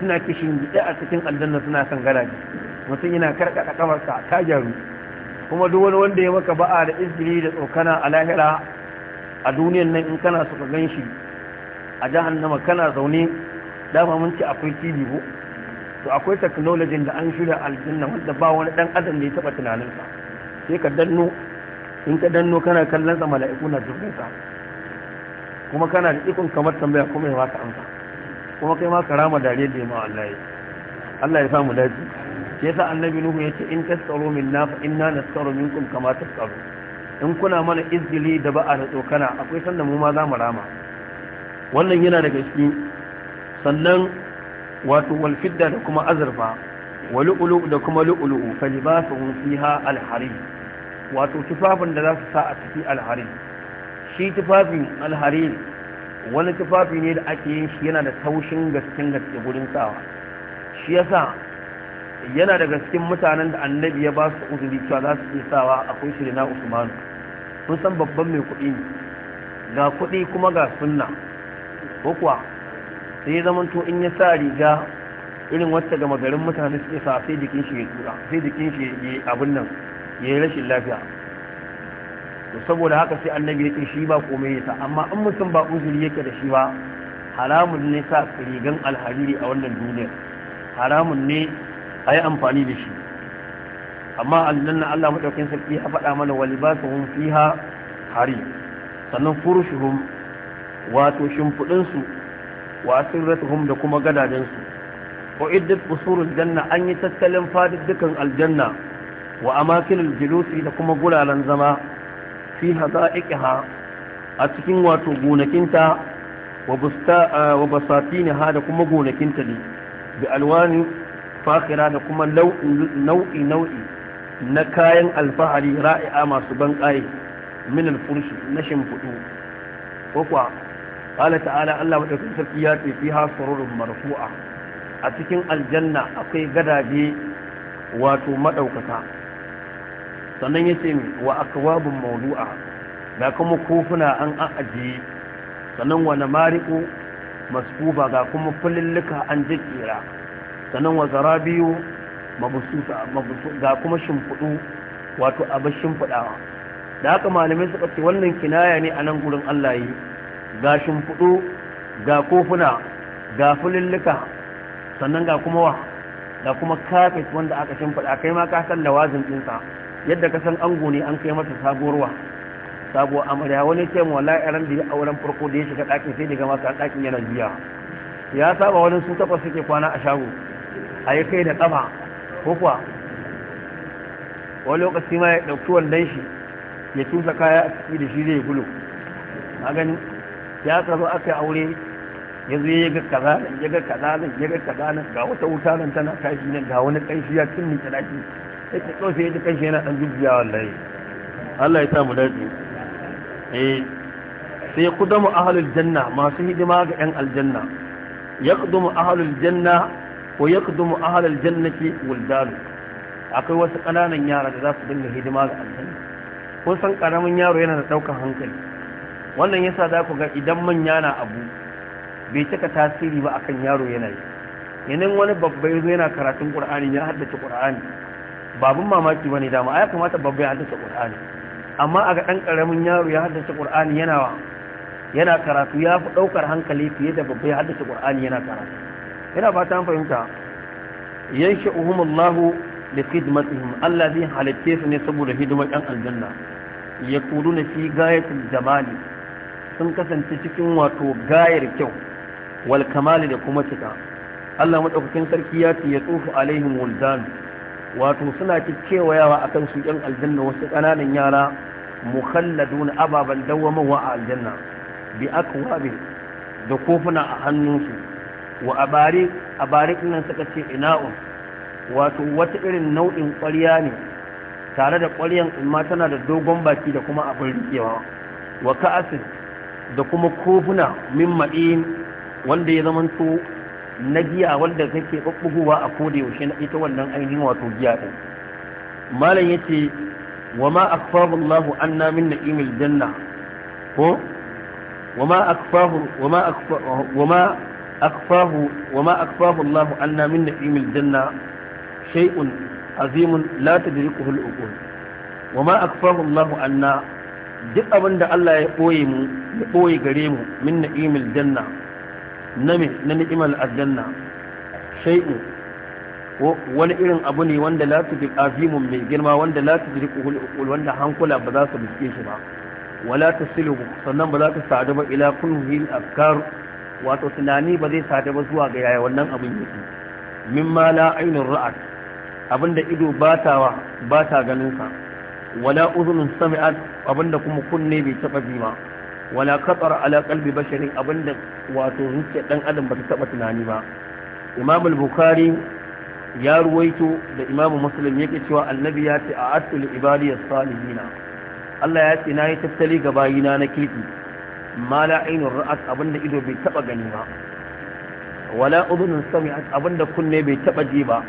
suna kishin gida a cikin aljanna suna kan garaje mutum yana karkaɗa kafarsa ka gyaru kuma duk wani wanda ya maka ba'a da izini da tsokana a lahira a duniyan nan in kana suka gan shi a jahannama kana zaune dama mun ci akwai cibi ko to akwai technology da an shirya aljanna wanda ba wani dan adam ne ya taba tunaninsa sai ka danno in ka danno kana kallon sa mala'iku na dubbinsa kuma kana da ikon kamar tambaya kuma ya maka amsa kuma kai ma rama dare da ma Allah ya Allah ya samu dace shi sa annabi nuhu ce in tasaru minna fa inna nasaru minkum kama tasaru in kuna mana izgili da ba'a da tsokana akwai sanda mu ma za mu rama wannan yana daga cikin sannan wato walfidda da kuma azurfa walu'ulu da kuma ba fa libasuhum fiha alhari. wato tufafin da za su sa a ciki alhari. shi tufafin alhari wani tufafi ne da ake yin shi yana da taushin gaskin gaske gurin sawa shi yasa yana da gaskin mutanen da annabi ya ba su uzuri cewa za su iya sawa akwai shi na usman Sun san babban mai kuɗi ne ga kuɗi kuma ga sunna ko kuwa sai to in ya sa riga irin wacce gama garin mutane suke sa sai jikin shi ya tura sai jikin shi ya abin nan ya yi rashin lafiya to saboda haka sai annabi yake shi ba komai ya sa amma in mutum ba uzuri yake da shi ba haramun ne sa rigan alhariri a wannan duniyar haramun ne a yi amfani da shi amma na Allah madaukakin sarki ya faɗa mana wa libasuhum fiha hari sannan furushuhum wato shimfudin su wa asirratuhum da kuma gadajen su wa iddat janna an yi tattalin fadiddukan aljanna wa amakinul julusi da kuma guraren zama fi hadaiqiha a cikin wato gonakinta wa busta wa basatinha da kuma gonakinta ne bi alwani fakhira da kuma nau'i nau'i na kayan alfahari ra'i'a masu ban kai min alfurshi na shimfudu ko قال تعالى الله مدوكين sarki ya ce fiha sururun marfu'a a cikin aljanna akwai gadaje wato maɗaukata, sannan ya ce wa akwabun mawdu'a ga kuma kofuna an ajiye sannan wa namariqu masfuba ga kuma fulillika an jikira sannan wa zarabiyu mabusuta ga kuma shimfudu wato abin shimfiɗawa. da haka malamai suka ce wannan kinaya ne a nan gurin Allah yi ga shimfiɗo ga kofuna ga fulillika sannan ga kuma wa da kuma kafet wanda aka shimfiɗa kai ma ka san lawazin ɗinsa yadda ka san ango ne an kai mata sabuwarwa sabuwar amarya wani ce mu wallahi ran da ya auren farko da ya shiga ɗakin sai daga masa ɗakin yana biya ya saba wani su takwas suke kwana a shago a yi kai da ƙafa ko kuwa wani lokaci ma ya ɗauki wannan shi ya tusa kaya a ciki da shi zai gulo a ganin ya aka zo aka aure ya zo ya ga kaza nan ya ga kaza nan ya ga kaza nan ga wata wuta nan tana tashi nan ga wani kanshi ya cin miki daki yake so sai ya ji kanshi yana dan jujjuya wallahi Allah ya sa mu dace eh sai kudamu ahlul janna masu hidima ga yan aljanna yaqdumu ahlul janna wa yaqdumu ahlul jannati wuldanu akwai wasu kananan yara da za su dinga hidima ga aljanna ko san karamin yaro yana da daukar hankali wannan yasa za ku ga idan manya na abu bai cika tasiri ba akan yaro yanayi. Yanayin wani babba yazo yana karatun ƙur'ani ya haddace ƙur'ani. babun mamaki wani dama ya kamata babba ya haddace ƙur'ani. amma a ga ɗan ƙaramin yaro ya haddace ƙur'ani yana karatu ya fi ɗaukar hankali fiye da babba ya haddace ƙur'ani yana karatu yana fata ta fahimta yansha'uhumullahu li khidmatihim zai halitte su ne saboda hidimar yan aljanna
na
fi gayatil jamali sun kasance cikin wato gayar kyau wal kamali da kuma cika Allah madaukakin sarki ya ce ya tsufu alaihim wuldan wato suna kewayawa akan su yan aljanna wasu kananan yara mukhalladun ababan dawwamawa a aljanna bi akwabi da kofuna a hannunsu wa abari abari nan suka ce ina'un wato wata irin nau'in ƙwarya ne tare da ƙwaryan imma tana da dogon baki da kuma abin riƙewa, wa ka'asin da kuma kofuna min ma'in wanda ya zamanto na giya wanda kake bubbugowa a koda yaushe na ita wannan ainihin wato giya ɗin malam ya ce wa ma akfahu Allahu anna min na'imil janna ko wa ma akfahu wa ma akfahu wa ma akfahu wa ma akfahu Allahu anna min na'imil janna shay'un azimun la tadrikuhu al-uqul wa ma akfahu Allahu anna duk abin da Allah ya ɓoye mu ya ɓoye gare mu min na'imil janna na me na ni'imal aljanna shay'u wani irin abu ne wanda la tudri azimun mai girma wanda la tudri qul wanda hankula ba za su biske shi ba wala tasilu sannan ba za ta sadu ba ila kullu afkar wato tunani ba zai sadu ba zuwa ga yaya wannan abin yake mimma la ainur ra'at abinda ido batawa bata ganin sa wala uzunun sami'at abinda kuma kunne bai taba ji ba wala qatar ala qalbi basharin abinda wato zuciyar dan adam bata taba tunani ba imam al-bukhari ya ruwaito da imam muslim yake cewa annabi ya ce a li ibadi as-salihin Allah ya ce na yi tattali ga bayina na kirki ma la ainur ra'at abinda ido bai taba gani ba wala udhunun sami'at abinda kunne bai taba ji ba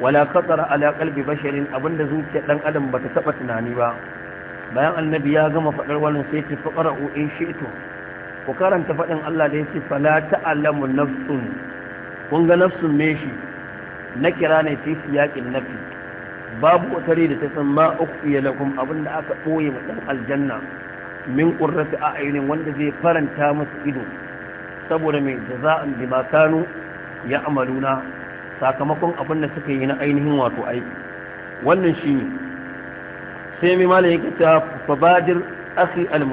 wala khatar ala qalbi basharin abinda zuciyar dan adam bata taba tunani ba bayan annabi ya gama fadar wannan sai ce faqra'u in shi'tu ku karanta fadin Allah da yake fala ta'lamu nafsun kun ga nafsun me shi na kira ne fi siyaqin nafi babu watare da ta san ma ukhfiya lakum abinda aka boye wa dan aljanna min qurrati a'yunin wanda zai faranta musu ido saboda mai jaza'an bima kanu ya amaluna sakamakon abin da suka yi na ainihin wato aiki wannan shi ne sai mai malam ka ta fabadir akhi al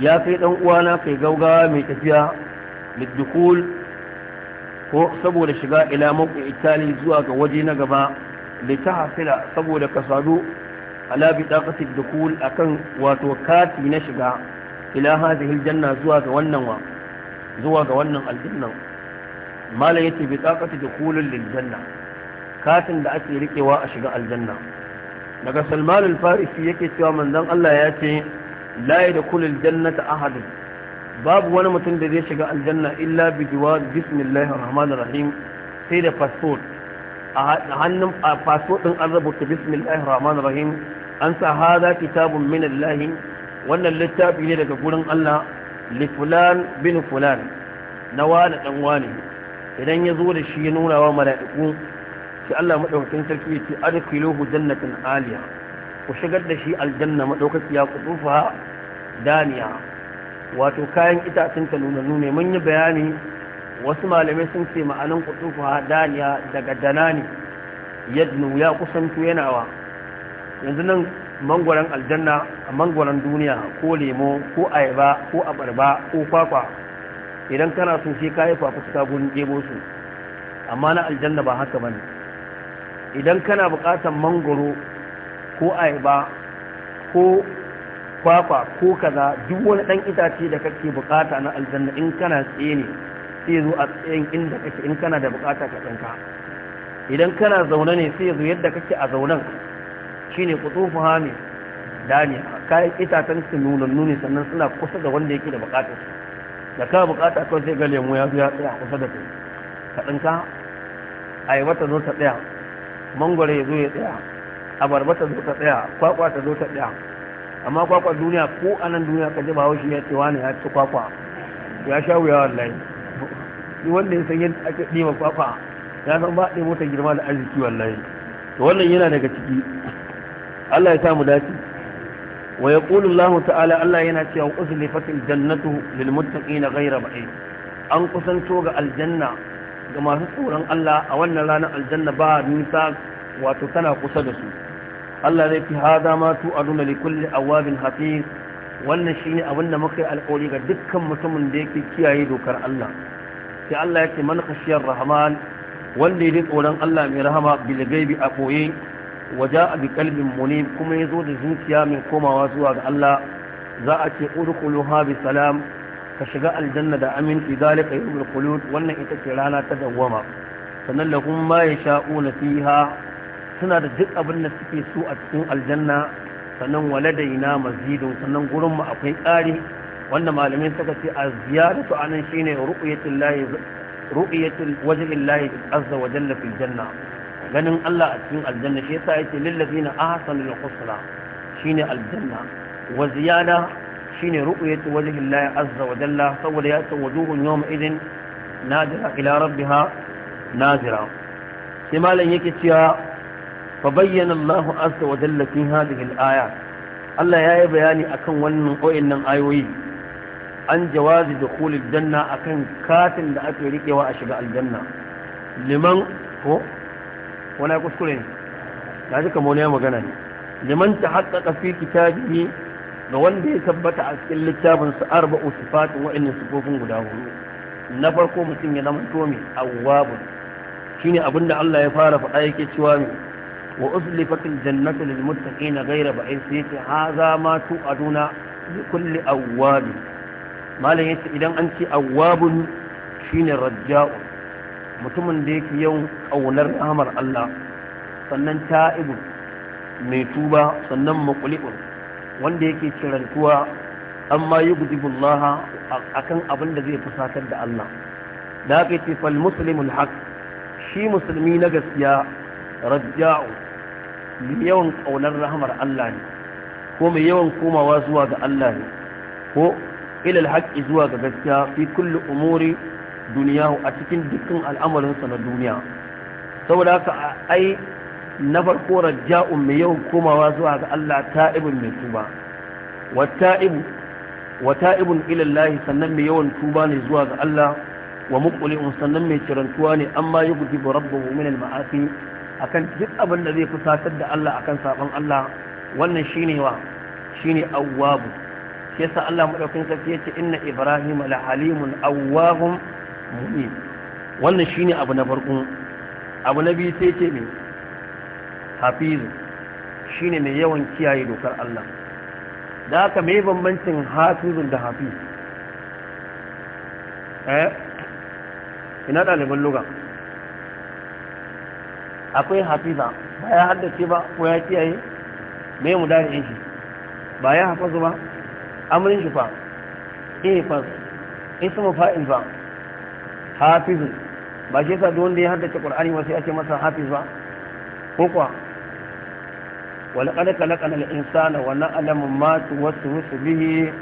ya fi dan uwana kai gaugawa mai tafiya liddukul ko saboda shiga ila mako itali zuwa ga waje na gaba litahsila saboda ka sadu ala bidaqati dukul akan wato kati na shiga ila hadhihi aljanna zuwa ga wannan wa zuwa ga wannan aljanna mala yace bi taqati dukhulul lil janna katin da ake rikewa a shiga aljanna daga salman al-farisi yake cewa manzon Allah ya ce da yadkhulul jannata ahad babu wani mutum da zai shiga aljanna illa bi jiwar bismillahir rahmanir rahim sai da passport a hannun passport din an rubuta bismillahir rahmanir rahim an sa hada kitabun min Allah wannan littafi ne daga gurin Allah li fulan bin fulan na wani dan wani idan ya zo da shi ya nuna wa mala'iku shi Allah madaukakin sarki ya ce adkhiluhu jannatan aliya ku shigar da shi aljanna madaukakiya ku daniya wato kayan itacen ta nuna nune mun yi bayani wasu malamai sun ce ma'anan ku daniya daga danani yadnu ya kusanto yana wa yanzu nan mangwaran aljanna a mangwaran duniya ko lemo ko ayaba ko abarba ko kwakwa idan kana sun shi ka yi fafutuka gurin ɗebo su amma na aljanna ba haka ne. idan kana buƙatar mangoro ko ayaba ko kwakwa ko kaza duk wani ɗan itace da kake buƙata na aljanna in kana tsaye ne sai zo a tsayen inda kake in kana da buƙata ka ɗanka. idan kana zaune ne sai zo yadda kake a zaunen shine kutufu hami ne kayan itacen su nunannu ne sannan suna kusa da wanda yake da buƙatar su da ka bukata kawai sai ga lemu ya fiya tsaya kusa da kai ka ɗinka ayaba wata zo ta tsaya mangwaro ya zo ya tsaya abarba ta zo ta tsaya kwakwa ta zo ta tsaya amma kwakwa duniya ko a nan duniya ka ji ba haushi ya ce wani ya ci kwakwa ya sha wuya wallahi shi wanda ya san yadda ake ɗiba kwakwa ya san ba ɗaya mota girma da arziki wallahi to wannan yana daga ciki Allah ya sa mu dace wa yaqulu Allah ta'ala Allah yana cewa uzlifatil jannatu lil muttaqina ghayra ba'id an kusanto ga aljanna ga masu tsoron Allah a wannan ranar aljanna ba nisa wato tana kusa da su Allah zai fi hada ma tu aduna li a awabin hafiz wannan shine abin da muka yi alƙawari ga dukkan mutumin da yake kiyaye dokar Allah sai Allah ya ce man rahama rahman wanda ya tsoron Allah mai rahama bil gaibi a koye waja a bi kalbin ne kuma ya zo da zuciya mai komawa zuwa ga Allah za a ce udkhuluha bi salam ka shiga aljanna da aminci zalika yawmul khulud wannan ita ce rana ta dawwama sannan kuma ma yasha'una fiha suna da duk abin da suke so a cikin aljanna sannan ina mazidun sannan gurin mu akwai ƙari wanda malamai suka ce a ziyaratu anan shine ru'yatul lahi ru'yatul wajhi Allah azza wa jalla fil janna ganin Allah a cikin aljanna shi yasa yake lillazina ahsanul husna shine aljanna wa ziyada shine ru'yatu wajhi Allah azza wa jalla saboda ya ce wujuhun yawma idin nadira ila rabbiha nazira sai malam yake cewa fa bayyana Allah azza wa jalla fi hadhihi al-aya Allah ya yi bayani akan wannan wayannan ayoyi an jawazi dukhulil janna akan katin da ake rikewa a shiga aljanna liman ko wani kuskure ne ya ji kamar ya magana ne liman ta haƙaƙa fi ne ga wanda ya tabbata a cikin littafin su arba'u sifatin wa'annan sifofin guda hudu na farko mutum ya zama to mai awwabun shine abin da Allah ya fara faɗa yake cewa ne. wa uslifatil jannatu lil muttaqina ghayra ba'in sai ce haza ma ya li kulli awwabi malam yace idan an ce awwabun shine rajja'u mutumin da yake yawan ƙaunar rahamar Allah sannan ta'ibu mai tuba sannan maƙuli'un, wanda yake kirantuwa amma yi gudibullaha a kan abin da zai fusatar da Allah da aka ce fal musulmin haq shi musulmi na gaskiya rajja'u, mai yawan ƙaunar rahamar Allah ne ko mai yawan komawa zuwa ga Allah ne ko ilal haƙƙi zuwa ga gaskiya fi kulli umuri duniyahu a cikin dukkan al'amarinsa na duniya saboda haka ai na farko raja'un mai yawan komawa zuwa ga Allah ta'ibun mai tuba wa ta'ibun ilallahi sannan mai yawan tuba ne zuwa ga Allah wa muqli'un sannan mai cirantuwa ne amma yughdibu rabbahu min al-ma'asi akan duk abin da zai fusatar da Allah akan saban Allah wannan shine wa shine awwabu yasa Allah madaukakin sarki yace inna ibrahima la halimun awwahum mu'min wannan shine abu na farko abu na biyu sai ce mai hafizu shine mai yawan kiyaye dokar Allah da haka mai bambancin hafizun da hafiz eh ina ɗaliban luga akwai hafiza ba ya haddace ba ko ya kiyaye mai mu in shi ba ya hafazu ba amrin shi fa eh fa ismu fa'il ba hafizu ba shi yasa duk wanda ya haddace qur'ani ba sai ake masa hafiz ba ko kuwa wala qad khalaqana al-insana wa na'lamu ma tuwaswisu bihi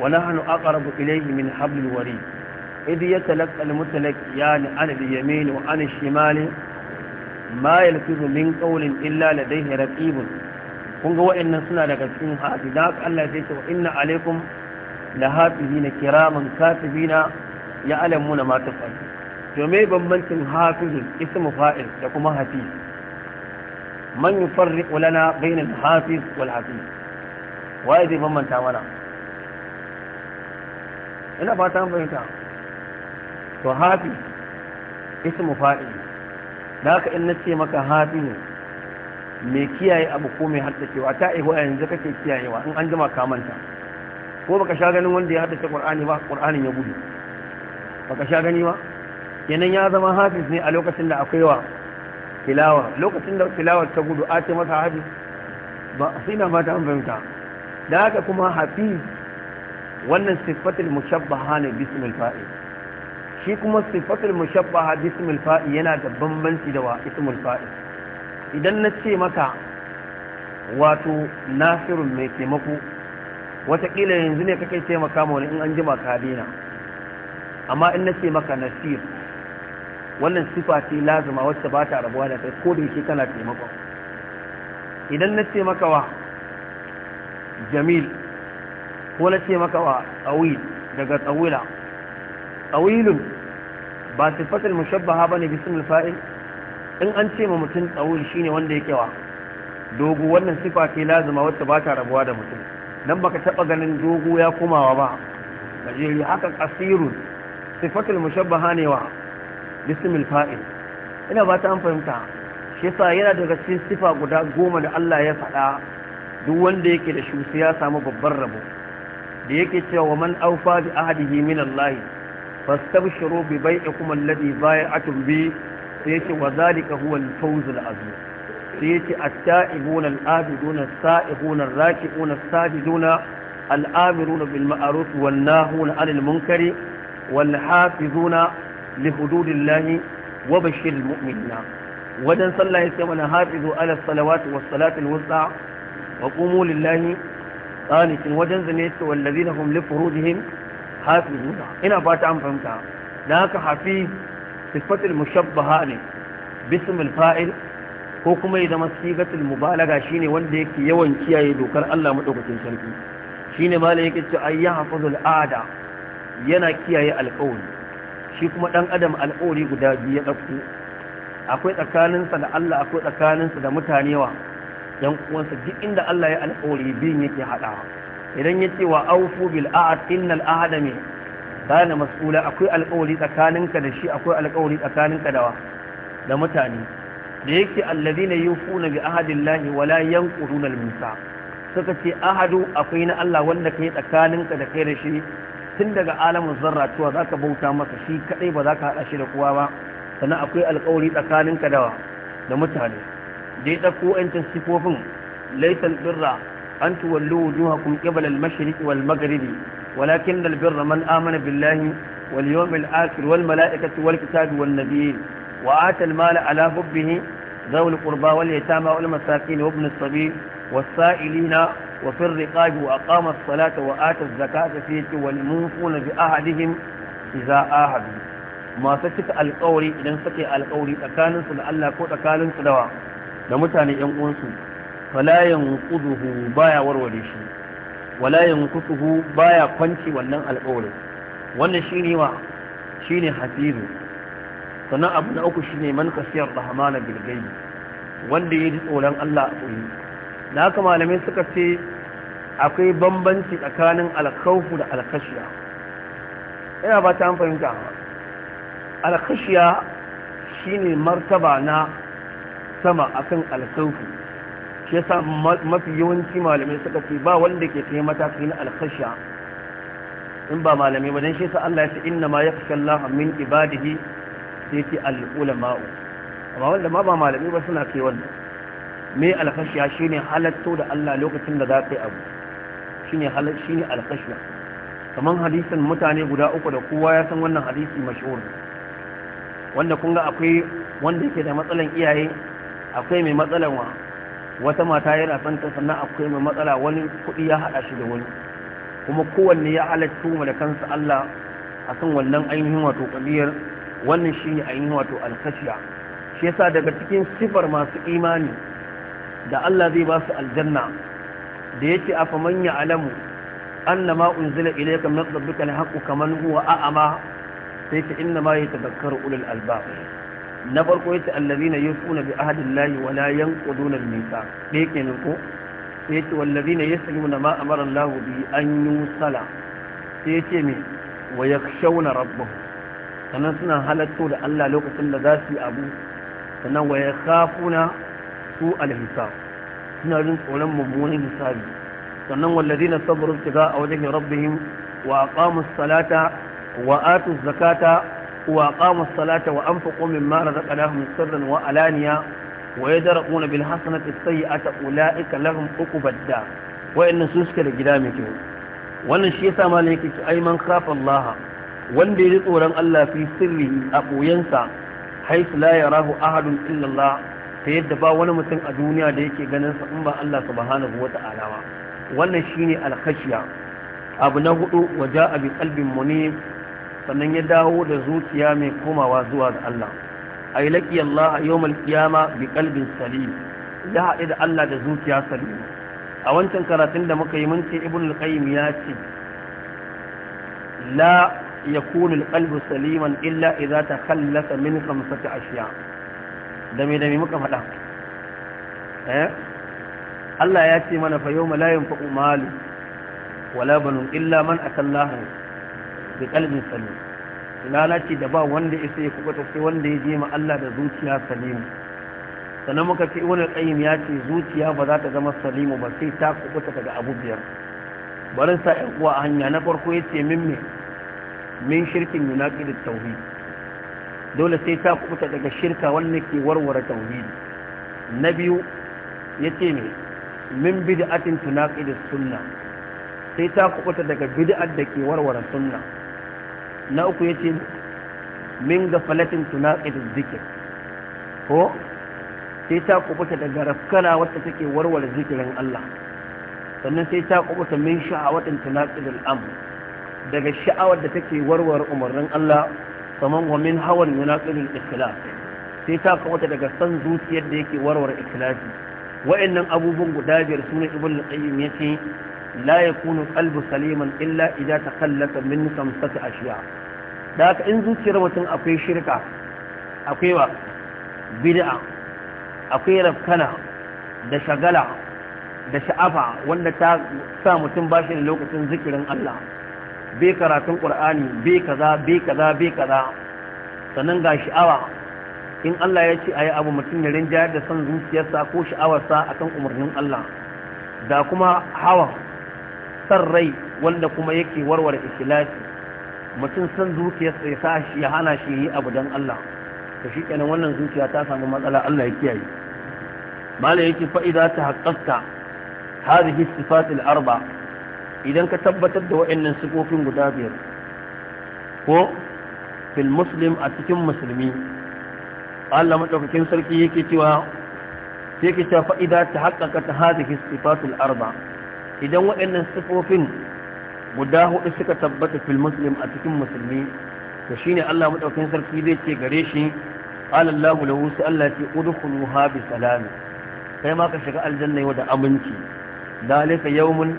wa nahnu aqrabu ilayhi min hablil warid idh yatalaqqa al-mutalaqqiyani 'an al-yamin wa 'an al-shimali ma yalfizu min qawlin illa ladayhi raqibun kun ga wa'annan suna daga cikin hafi da Allah ya ce wa inna alaikum la hafizina kiraman katibina ya alamu na mata fa'il to bambancin hafizun ismu fa'il da kuma hafiz man yufarriqu lana bayna al-hafiz wal hafiz waye zai bambanta mana ina fata mun fahimta to hafiz ismu fa'il da haka in nace maka hafiz mai kiyaye abu ko mai haddacewa ta ihu a yanzu kake kiyayewa in an jima ka manta ko baka sha ganin wanda ya haddace qur'ani ba qur'anin ya gudu baka sha gani ba kenan ya zama hafiz ne a lokacin da akwai wa tilawa lokacin da filawar ta gudu a ce masa hafiz ba sai na mata an fahimta da haka kuma hafiz wannan sifatul mushabbaha ne bismil fa'i shi kuma sifatul mushabbaha bismil fa'i yana da bambanci da wa ismul fa'i idan na ce maka wato nasirun mai taimako wataƙila yanzu ne kake taimaka ma wani in an jima ka dina amma in na ce maka nasir wannan sifa ce lazima wacce ba ta rabuwa da kai ko da yake kana taimako idan na ce maka wa jamil ko na ce maka wa tsawil daga tsawila tsawilun ba sifatul mushabbaha bane bismil fa'il in an ce ma mutum tsawil shine wanda yake wa dogo wannan sifa ce lazima wacce ba ta rabuwa da mutum nan baka taba ganin dogo ya komawa ba gajeri haka kasirun sifatul mushabbaha ne wa bismil fa'il ina ba ta an fahimta shi yasa yana daga cikin sifa guda goma da Allah ya faɗa duk wanda yake da shusi ya samu babban rabo da yake cewa wa man awfa bi ahdihi min Allah fastabshiru bi bai'ikum alladhi bai'atum bi sai yake wa zalika huwa al-fawz azim sai yake at-ta'ibuna al-abiduna as-sa'ihuna ar-raki'una as-sajiduna al-amiruna bil ma'ruf wan nahuna 'anil munkari wal hafizuna li hududillahi wa bashiril mu'minina wajen sallah yake mana hafizu ala salawatu was salatil wusta wa qumu lillahi qanitin wajen zane yake wallazina hum li furujihim hafizuna ina fata an fahimta da haka hafiz sifatul mushabbaha ne bismil fa'il ko kuma ya zama sigatul mubalaga shine wanda yake yawan kiyaye dokar Allah madaukakin sarki shine malai yake cewa ayyaha fazul yana kiyaye alƙawari shi kuma ɗan adam alƙawari guda biyu ya ɗauko akwai tsakaninsa da Allah akwai tsakaninsa da mutane wa ɗan uwansa duk inda Allah ya alƙawari biyun yake haɗawa idan ya ce wa aufu bil ahad innal ahada min kana mas'ula akwai alƙawari tsakaninka da shi akwai alƙawari tsakaninka da wa da mutane da yake allazina yufuna bi ahadillahi wala yanquduna al-misa suka ce ahadu akwai na Allah wanda kai tsakaninka da kai da shi tun daga alamin zarra cewa za ka bauta masa shi kaɗai ba za ka haɗa shi da kowa ba sannan akwai alƙawari tsakanin kadawa da mutane da ya ɗauko yancin sifofin laifin birra an tuwallo wujuhakum qibala al-mashriq wal maghribi walakin al-birra man amana billahi wal yawmil akhir wal mala'ikati wal kitabi wan nabiyyin wa ata mala ala hubbihi ذوي القربى واليتامى والمساكين وابن السبيل والسائلين وفي الرقاب وأقام الصلاة وآتى الزكاة فيه والموفون بأهدهم إذا آهدوا ما سكت القول إذا سكي القول أكانس لألا كوت أكانس دوا لمتاني ينقنس فلا ينقضه بايا وروليش ولا ينقصه بايا كونشي ولن القول وانا شيني wa shine hafizu sannan abu na uku shine man kasiyar rahmana bil gaibi wanda ya ji tsoron Allah a koyi da haka malamai suka ce akwai bambanci tsakanin alkhawfu da alkashiya ina ba ta fahimta alkashiya shine martaba na sama akan alkhawfu shi yasa mafi yawanci malamai suka ce ba wanda ke kai mataki na alkashiya in ba malamai ba don shi yasa Allah ya ce inna ma ya Allah min ibadihi sai ce al-ulama'u amma wanda ma ba malami ba suna kai wannan me alkhashiya shine halatto da Allah lokacin da za ka yi abu Shi halal shine Kamar hadisin mutane guda uku da kowa ya san wannan hadisi mashhur wanda kun ga akwai wanda yake da matsalan iyaye akwai mai matsalan wa wata mata yana son ta sannan akwai mai matsala wani kuɗi ya hada shi da wani kuma kowanne ya halatto mu da kansa Allah akan wannan ainihin wato kabiyar wannan shine ainihin wato alkashiya shi yasa daga cikin sifar masu imani da Allah zai ba su aljanna da yake afa man ya'lamu anna ma unzila ilayka min rabbika alhaqqu kamar huwa a'ama sai ta inna ma yatadhakkaru ulul alba. na farko yace allazina yusuna bi ahdillahi wa la yanquduna al-mithaq Ke kenan ko sai yace wallazina yasluna ma amara Allah bi an yusala sai yace me wa shauna rabbahum sannan suna halatto da Allah lokacin da za su yi abu sannan waye su alhisab suna jin tsoron mummunan hisabi sannan walladina sabaru tiga a wajen rabbihim wa aqamu salata wa atu zakata wa aqamu salata wa anfaqu mimma razaqnahum sirran wa alaniya wa yadra'una bil hasanati sayyi'ata ulaika lahum uqubad da wa'annan su da gida mai kyau wannan shi yasa malaka yake ai man khafa Allah wanda ya ji tsoron Allah fi sirri a ɓoyensa haisu la ya rahu ahadun illallah ta yadda ba wani mutum a duniya da yake ganin sa in ba Allah subhanahu wa ta'ala ba wannan shine Alkashiya. abu na hudu waja abi qalbin munib sannan ya dawo da zuciya mai komawa zuwa ga Allah ay laqi Allah yawmal qiyama bi qalbin salim ya haɗu da Allah da zuciya salim a wancan karatun da muka yi mun ce ibn al-qayyim ya ce la يكون القلب سليما إلا إذا تخلص من خمسة أشياء دمي دمي مكفلا أه؟ الله يأتي من فيوم لا ينفق مال ولا بنون إلا من أتى الله بقلب سليم لا نأتي دبا وند إسي كوكتا سي وند يجيم الله دا زوتيا سليم sannan muka ce wani ƙayyim ya ce zuciya ba za ta zama salimu ba sai ta kukuta daga abubuwar barin sa uwa a hanya na farko ya ce min me min shirkin yunaqid da tauhid dole sai ta kuɓuta daga shirka wanda ke warware tauhi na biyu ya ce ne min bid'atin tunaqid da sunna sai ta kuɓuta daga bid'at da ke warware sunna na uku ya ce min gafalatin tunaqid da zikir ko sai ta kuɓuta daga rafkana wacce take warware zikirin Allah sannan sai ta kuɓuta min sha'awatin tunaqid da al'amur daga sha'awar da take warware umarnin Allah saman wa min hawan yunaqilul ikhlas sai ta kawata daga san zuciyar da yake warware ikhlasi wa'annan abubuwan guda biyar sune ibn qayyim yace la yakunu qalbu saliman illa idza ta min khamsati ashiya da haka in zuciyar mutum akwai shirka akwai wa bid'a akwai rafkana da shagala da sha'afa wanda ta sa mutum bashi da lokacin zikirin Allah bai karatun ƙur'ani be kaza be kaza be kaza sannan ga sha'awa in Allah ya ce a yi abu mutum ya rinjayar da son zuciyarsa ko sha'awarsa akan umarnin Allah da kuma hawa san rai wanda kuma yake warware ikhlasi mutum san zuciyarsa ya sa shi ya hana shi yi abu dan Allah ta shi kenan wannan zuciya ta samu matsala Allah ya kiyaye mala yake fa'ida ta haqqaqta hadhihi sifatil arba' idan ka tabbatar da wa'annan sifofin guda biyar ko fil muslim a cikin musulmi Allah madaukakin sarki yake cewa sai ke cewa fa'ida ta haƙaƙa ta hadhihi sifatul arba idan wa'annan sifofin guda hudu suka tabbata fil muslim a cikin musulmi to shine Allah madaukakin sarki zai ce gare shi qala Allahu lahu sai Allah ya ce udkhuluha bi salam kai ma ka shiga aljanna yau da aminci dalika yawmun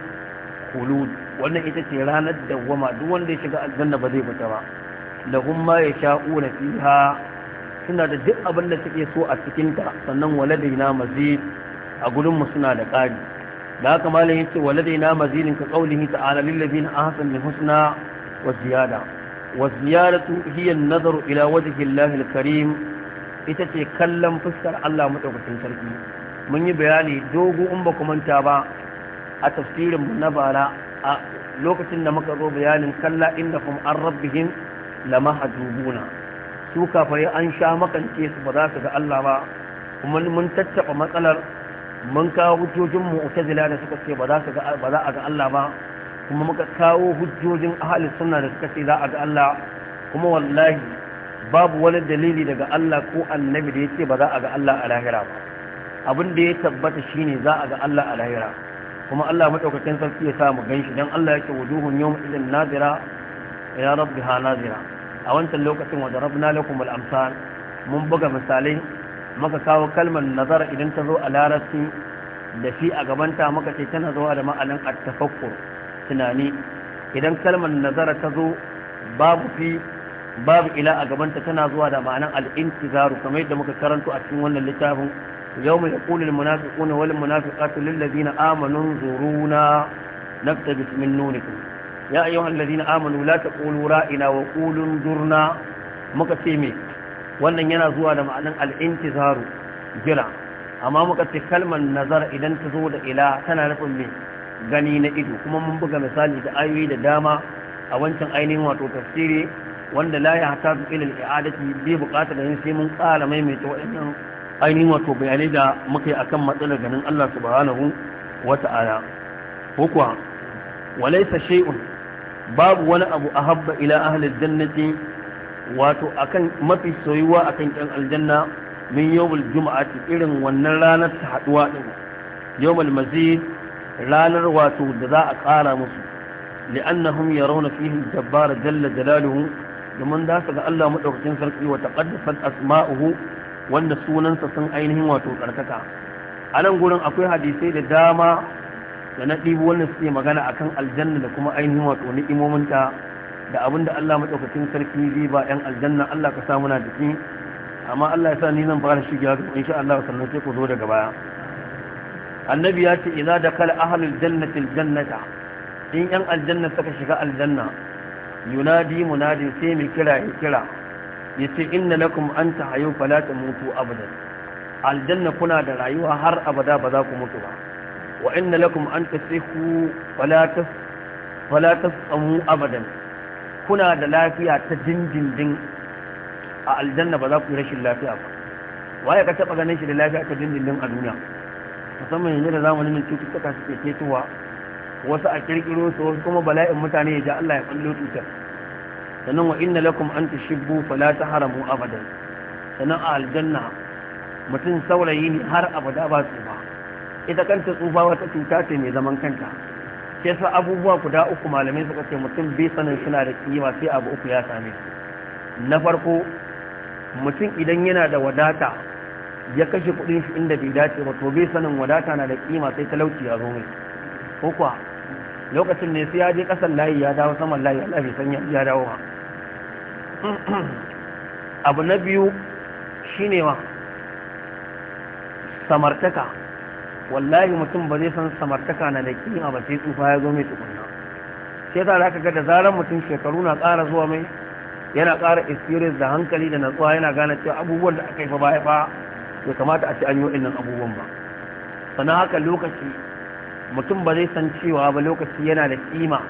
khulud wannan ita ce ranar dawwama duk wanda ya shiga aljanna ba zai fita ba lahum ma yasha'una fiha suna da duk abin da suke so a cikin ta sannan waladaina mazid a gurin mu suna da ƙari da haka malam yace waladaina mazidin ka qaulihi ta'ala lil ladina ahsanu al husna wa ziyada wa ziyadatu hiya an-nazaru ila wajhi Allah al-karim ita ce kallon fuskar Allah madaukakin sarki mun yi bayani dogo in ba ku manta ba a tafsirin mu na bara a lokacin da muka zo bayanin kalla inda kuma an rabbihim lamahjubuna su kafare an sha makance su ba za su ga Allah ba kuma mun tattaba matsalar mun kawo hujjojin zila da suka ce ba za a ga Allah ba kuma muka kawo hujjojin ahli suna da suka ce za a ga Allah kuma wallahi babu wani dalili daga Allah ko annabi da yake ba za a ga Allah a lahira ba abin da ya tabbata shine za a ga Allah a lahira kuma Allah maɗaukacin sarki ya sa mu ganshi don Allah yake wujuhun yawma ya nadira ila rabbiha nadira a wancan lokacin wa darabna lakum al-amsal mun buga misalai maka kawo kalmar nazara idan ta zo a larabci da shi a gabanta maka ce tana zuwa da ma'anin at-tafakkur tunani idan kalmar nazara ta zo babu fi babu ila a gabanta tana zuwa da al intizaru kamar yadda muka karanto a cikin wannan littafin يوم يقول المنافقون والمنافقات للذين آمنوا انظرونا نقتبس من نوركم يا أيها الذين آمنوا لا تقولوا رائنا وقولوا انظرنا مكتمي wannan yana zuwa da ma'anin al'intizaru jira amma muka ce kalmar nazar idan ta zo da ila tana dafa mai gani na ido kuma mun buga misali da ayoyi da dama a wancan ainihin wato tafsiri wanda la ya hata ila al'adati bai bukatar da sai mun kara maimaita waɗannan ainihin wato bayanai da muka yi akan matsalar ganin Allah subhanahu wa ta'ala ko kuwa shay'un babu wani abu a habba ila ahli jannati wato akan mafi soyuwa akan kan aljanna min yawmul juma'ati irin wannan ranar ta haduwa din yawmul mazid ranar wato da za a kara musu li'annahum yarawna fihi jabbar jalla jalaluhu domin da su ga Allah madaukakin sarki wa taqaddasat asma'uhu wanda sunansa sun ainihin wato karkata a nan gurin akwai hadisai da dama da na ɗibi wannan suke magana akan aljanna da kuma ainihin wato ni'imominta da abin da Allah maɗaukakin sarki zai ba 'yan aljanna Allah ka samu na jiki amma Allah ya sa ni zan fara shigewa ga insha Allah sannan sai ku zo daga baya annabi ya ce da kala ahlul jannati aljannata in 'yan aljanna suka shiga aljanna yunadi munadi sai mai kira ya kira yace inna lakum an tahayu fala mutu abadan aljanna kuna da rayuwa har abada ba za ku mutu ba wa inna lakum an tasihu fala tas fala tasamu abadan kuna da lafiya ta dindindin a aljanna ba za ku yi rashin lafiya ba waye ka taba ganin shi da lafiya ta dindindin a duniya musamman yanzu da zamanin nan cututtuka suke ketowa wasu a kirkiro su wasu kuma bala'in mutane ya ji Allah ya ballo cutar sannan wa inna lakum an tushibbu fala taharamu abadan sannan a aljanna mutum saurayi ne har abada ba su ba ita kanta tsufa wata cuta ce mai zaman kanta sai sa abubuwa guda uku malamai suka ce mutum bai sanin suna da kima sai abu uku ya same su na farko mutum idan yana da wadata ya kashe kudin shi inda bai dace ba to bai sanin wadata na da kima sai talauci ya zo mai ko kuwa lokacin ne sai ya je kasan layi ya dawo saman layi Allah bai san ya dawo ba abu na biyu shine wa samartaka wallahi mutum ba zai san samartaka na da kin abu sai tsufa ya zo mai tukunna sai da zaka ga da zaran mutum shekaru na ƙara zuwa mai yana ƙara experience da hankali da natsuwa yana gane cewa abubuwan da aka yi fa baya ba bai kamata a ci an yi wa'annan abubuwan ba sannan haka lokaci mutum ba zai san cewa ba lokaci yana da kima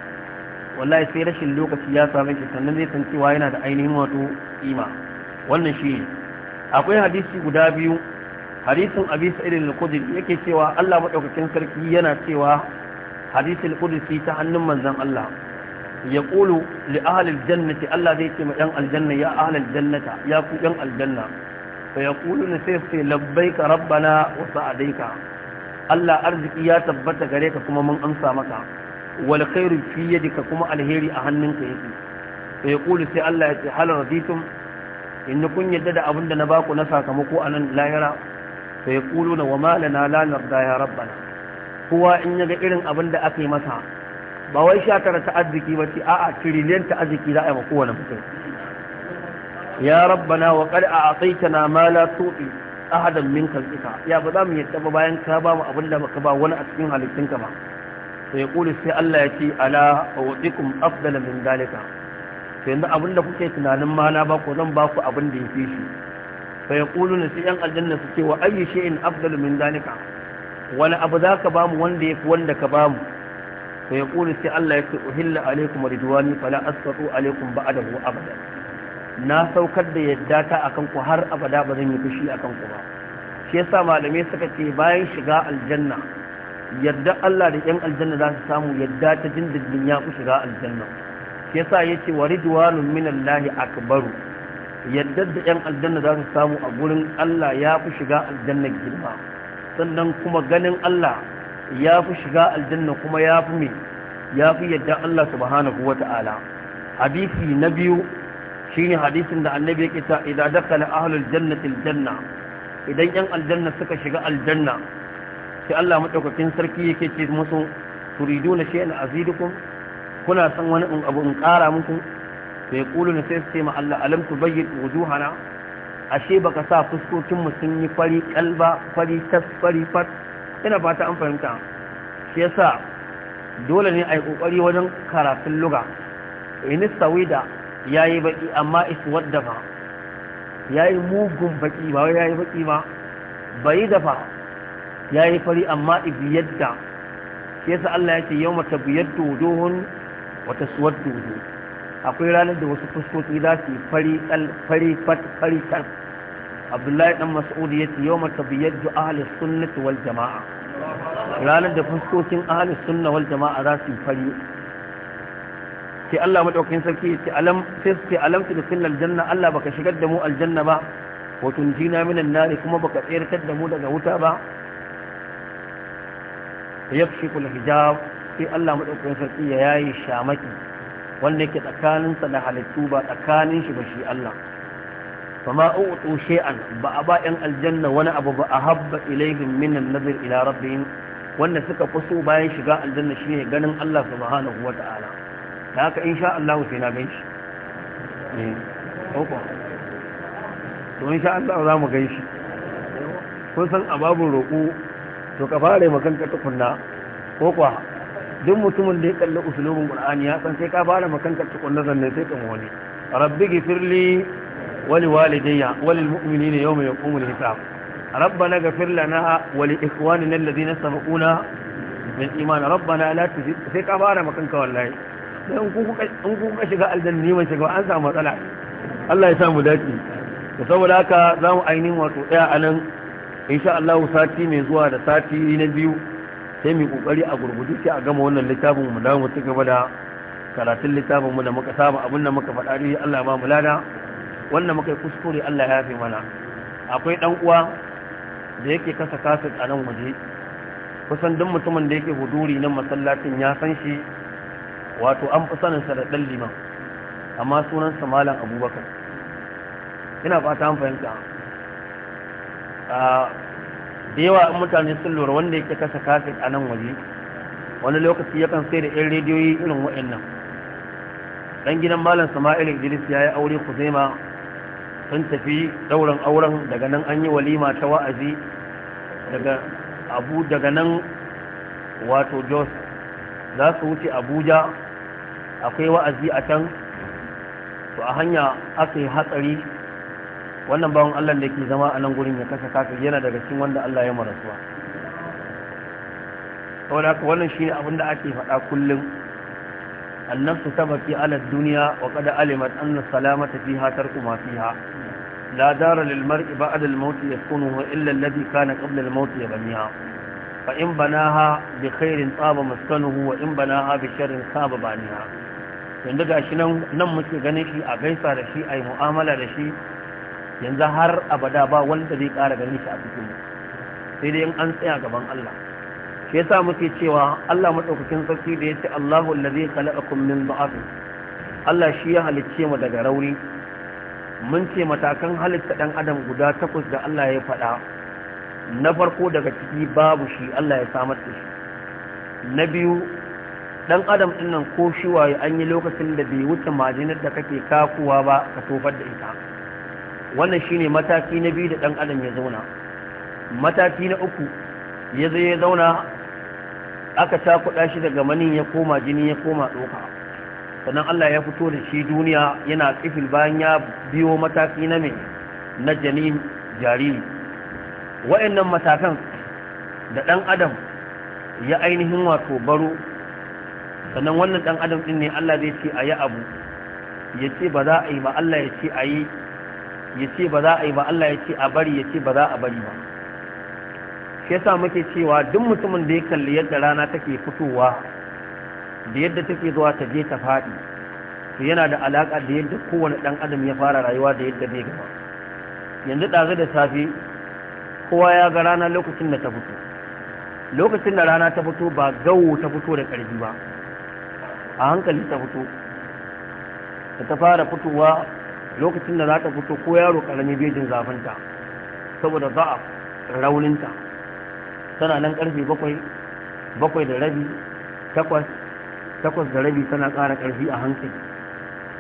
wallahi sai rashin lokaci ya same shi sannan zai san cewa yana da ainihin wato kima wannan shi akwai hadisi guda biyu hadisin abi sa'id al-qudri yake cewa Allah madaukakin sarki yana cewa hadisi al-qudsi ta hannun manzon Allah ya qulu li ahli al-jannati Allah zai ce ma yan aljanna ya ahli al-jannata ya ku yan aljanna fa yaquluna sai sai labbaika rabbana wa sa'adaika Allah arziki ya tabbata gare ka kuma mun amsa maka wal khairu fi kuma alheri a hannunka yake to ya kulu sai Allah ya ce hal raditum in kun yadda da abin da na baku na sakamako a nan lahira to ya kulu na wama lana la narda ya rabbana kowa in yaga irin abin da aka masa ba wai shatar tara ta arziki ba ce a'a tiriliyan ta za a yi ma kowane mutum ya rabbana wa qad a'taytana ma la tu'ti ahadan min khalqika ya ba za mu yarda ba bayan ka ba mu abin da baka ba wani a cikin halittunka ba sai kuli sai Allah ya ce ala awdikum afdala min dalika to yanzu abin da kuke tunanin ma na ba ku zan baku abin da yafi shi fa yaquluna sai yan aljanna su ce wa ayyi shay'in afdalu min dalika wani abu za ka bamu wanda yafi wanda ka bamu fa yaqulu sai Allah ya ce uhilla alaikum ridwani fala asqatu alaikum ba'dahu abada na saukar da yadda ta akan ku har abada ba zan yi fushi akan ku ba shi yasa malamai suka ce bayan shiga aljanna yadda Allah da yan aljanna za su samu yadda ta dindindin ya ku shiga aljanna yasa ce wa ridwanun minallahi akbaru yadda da yan aljanna za su samu a gurin Allah ya fi shiga aljanna girma sannan kuma ganin Allah ya fi shiga aljanna kuma ya fi mai ya fi yadda Allah subhanahu wa ta'ala hadisi na biyu shine hadisin da annabi yake ta idan dakala ahlul jannati aljanna idan yan aljanna suka shiga aljanna sai Allah madaukakin sarki yake ce musu na shi'an azidukum kuna san wani abu in ƙara muku sai na sai su ce ma Allah alam tubayyid wujuhana ashe baka sa fuskokin mu sun yi fari kalba fari tas fari fat ina fata an fahimta shi yasa dole ne a yi kokari wajen karatun luga in sawida yayi baki amma ba. Ya yayi mugun baki ba wai yayi baki ba bai dafa ya yi fari amma ibiyadda shi yasa Allah ya ce yau mata biyar dodohun wata suwar dodo akwai ranar da wasu fuskoki za su yi fari kal fari fat fari kan abdullahi dan mas'ud ya ce yau mata biyar da ahli sunnati wal jama'a ranar da fuskokin ahli sunna wal jama'a za su yi fari sai Allah madaukakin sarki ya ce alam sai su ce alam tu dukhil aljanna Allah baka shigar da mu aljanna ba wa tunjina minan nari kuma baka tsayar da mu daga wuta ba fa hijab sai Allah madaukakin sarki ya yayi shamaki wanda yake tsakanin sa da halittu ba tsakanin shi ba shi Allah fama utu shay'an ba a ba yan aljanna wani abu ba ahabba ilaihim min an-nazar ila rabbihim wanda suka fi bayan shiga aljanna shine ganin Allah subhanahu ta'ala da haka insha Allah sai na gan shi ne eh, to insha Allah za mu gan shi kun san ababun roƙo to ka fara ma kanka tukunna ko kwa duk mutumin da ya kalli usulubin qur'ani ya san sai ka fara ma kanka tukunna zanne sai kan wani rabbi ghfirli wa walidayya wa mu'minina yawma yaqumul hisab ربنا غفر لنا ولإخواننا الذين سبقونا بالإيمان ربنا لا تزيد في كفارة مكانك والله in kuka shiga aljanna neman shiga an samu matsala Allah ya samu dace saboda haka za mu ainihin wato ɗaya a insha Allah sati mai zuwa da sati na biyu sai mu kokari a gurgudu sai a gama wannan littafin mu da mu ci gaba da karatun littafin mu da muka saba abin da muka faɗa ne Allah ba mu lada wannan muka kuskure Allah ya yafe mana akwai dan uwa da yake kasa kasit a nan waje kusan duk mutumin da yake huduri nan masallacin ya san shi wato an fi sanin sa da dan liman amma sunan sa malam Abubakar ina fata an fahimta da yawa mutane sun lura wanda yake kasa kafin a nan waje wani lokaci yakan sai da yan rediyoyi irin wa'annan dan gidan malam sama'il idris ya yi aure kuzaima sun tafi dauran auren daga nan an yi walima ta wa'azi daga abu daga nan wato jos za su wuce abuja akwai wa'azi a can to a hanya aka yi hatsari wannan bawan Allah da ke zama a nan gurin ya kasa kafin yana daga cikin wanda Allah ya marasuwa saboda haka wannan shine abin da ake faɗa kullum annafsu tabaki ala duniya wa qad alimat anna salamata fiha tarku ma fiha لا دار للمرء بعد الموت يسكنه إلا الذي كان قبل الموت يبنيها فإن بناها بخير طاب مسكنه وإن بناها بشر خاب بانيها yanzu ga shi nan muke ganin shi a gaisa da shi a yi mu'amala da shi yanzu har abada ba wanda zai ƙara gani shi a cikin mu sai dai an tsaya gaban Allah shi yasa muke cewa Allah madaukakin sarki da yace Allahu allazi khalaqakum min ba'd Allah shi ya halicce mu daga rauni mun ce matakan halitta dan adam guda takwas da Allah ya faɗa na farko daga ciki babu shi Allah ya samar da shi na biyu dan adam din ko shi waye an yi lokacin da bai wuce majinar da kake kakuwa ba ka tofar da ita wannan shine mataki na biyu da ɗan adam ya zauna mataki na uku ya zai ya zauna aka cakuɗa shi daga manin ya koma jini ya koma ɗoka sannan Allah ya fito da shi duniya yana tsifil bayan ya biyo mataki na mai na janin jariri wa'annan matakan da ɗan adam ya ainihin wato baro sannan wannan ɗan adam ɗin ne Allah zai ce a yi abu ya ce ba za a yi ba Allah ya ce a yi ya ce ba za a yi ba Allah ya ce a bari ya ce ba za a bari ba shi yasa muke cewa duk mutumin da ya kalli yadda rana take fitowa da yadda take zuwa ta je ta faɗi to yana da alaƙa da yadda kowane dan adam ya fara rayuwa da yadda zai gaba yanzu ɗazu da safe kowa ya ga rana lokacin da ta fito lokacin da rana ta fito ba gawo ta fito da ƙarfi ba a hankali ta fito da ta fara fitowa lokacin da za ta fito ko yaro karami bejin zafinta saboda za a rauninta tana nan karfe bakwai bakwai da rabi takwas takwas da rabi tana ƙara ƙarfi a hankali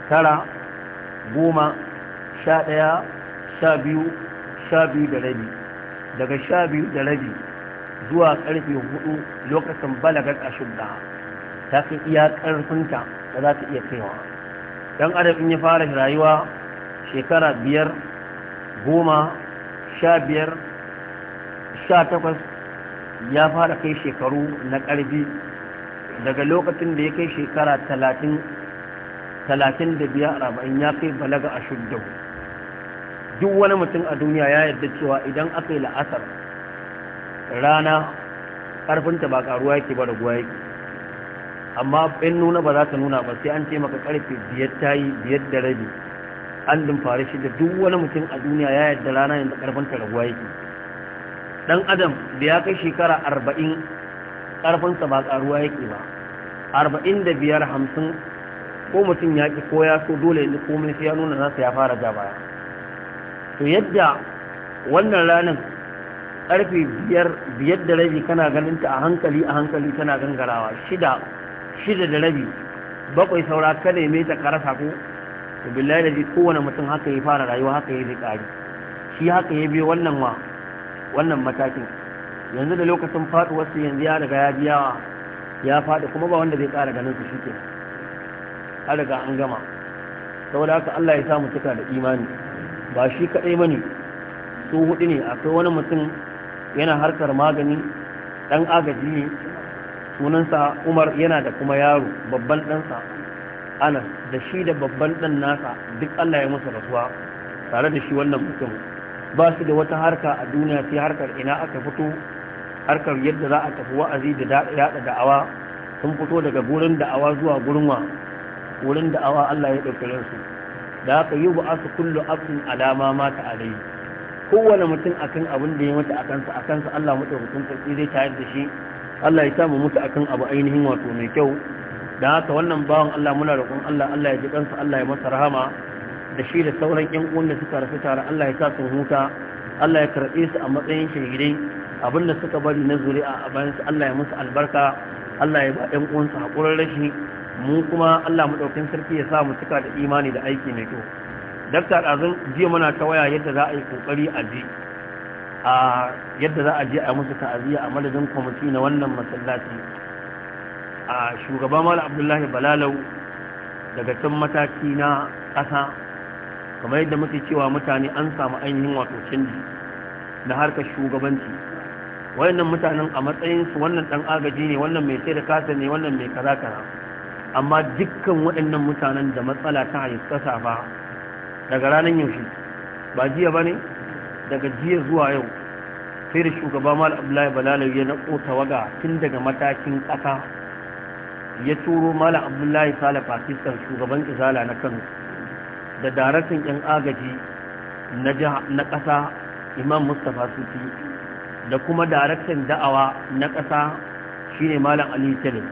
tara goma sha ɗaya sha biyu sha biyu da rabi daga sha biyu da rabi zuwa ƙarfe hudu lokacin balagar shudda ta fi iya ƙarfinta da za ta iya kaiwa dan adam in ya fara rayuwa shekara biyar goma sha biyar sha takwas ya fara kai shekaru na ƙarfi daga lokacin da ya kai shekara talatin talatin da biyar arba'in ya kai balaga a shuddau duk wani mutum a duniya ya yarda cewa idan aka yi la'asar rana ƙarfinta ba ƙaruwa yake ba guwa yake amma in nuna ba za ta nuna ba sai an ce maka ƙarfe biyar ta yi biyar da rabi an dumfare shi da duk wani mutum a duniya ya yadda rana yanzu karfin ta yake dan adam da ya kai shekara arba'in karfinsa ba karuwa yake ba arba'in da biyar hamsin ko mutum ya ki ko ya so dole yanzu ko sai ya nuna nasa ya fara ja baya to yadda wannan ranar karfe biyar biyar da rabi kana ganin ta a hankali a hankali tana gangarawa shida shida da rabi bakwai saura ka neme ta karasa ko to billahi da kowane mutum haka ya fara rayuwa haka ya ƙari shi haka ya biyo wannan wa wannan matakin yanzu da lokacin wasu yanzu ya riga ya biya ya faɗi kuma ba wanda zai ƙara ganin su shike an riga an gama saboda haka Allah ya samu cika da imani ba shi kaɗai bane su hudu ne akwai wani mutum yana harkar magani ɗan agaji ne sunansa Umar yana da kuma yaro babban ɗansa anas da shi da babban ɗan nasa duk allah ya masa rasuwa tare da shi wannan mutum ba su da wata harka a duniya sai harkar ina aka fito harkar yadda za a tafi wa'azi da yada da'awa sun fito daga gurin da'awa zuwa gurin wa wurin da'awa Allah ya ɗauki su da aka yi ba su kullu abin alama mata alai kowane mutum akan abin da ya mutu a kansa a kansa Allah mutu hukun zai tayar da shi Allah ya samu mutu akan abu ainihin wato mai kyau da haka wannan bawan Allah muna roƙon Allah Allah ya ji kansa Allah ya masa rahama da shi da sauran ƴan uwan da suka rasu tare Allah ya sa su huta Allah ya karɓe su a matsayin shahidai da suka bari na zuri'a a bayan su Allah ya musu albarka Allah ya ba ƴan su haƙurin rashi mu kuma Allah maɗaukin sarki ya sa mu cika da imani da aiki mai kyau dakta ɗazun jiya muna ta waya yadda za a yi ƙoƙari a ji a yadda za a je a musu ta'aziyya a madadin kwamiti na wannan masallaci a shugaba mala abdullahi balalau daga can mataki na ƙasa kamar yadda muke cewa mutane an samu ainihin wato canji na harkar shugabanci wayannan mutanen a matsayinsu wannan ɗan agaji ne wannan mai sai da kasa ne wannan mai kaza kaza amma dukkan waɗannan mutanen da matsala ta haifasa ba daga ranar yaushe ba jiya ba ne daga jiya zuwa yau sai da shugaba mal abdullahi balalau ya naƙo tawaga tun daga matakin ƙasa ya turo mala abdullahi sale pakistan shugaban izala na kano da daraktan yan agaji na kasa imam mustapha sufi da kuma daraktan da'awa na ƙasa shine malam ali salim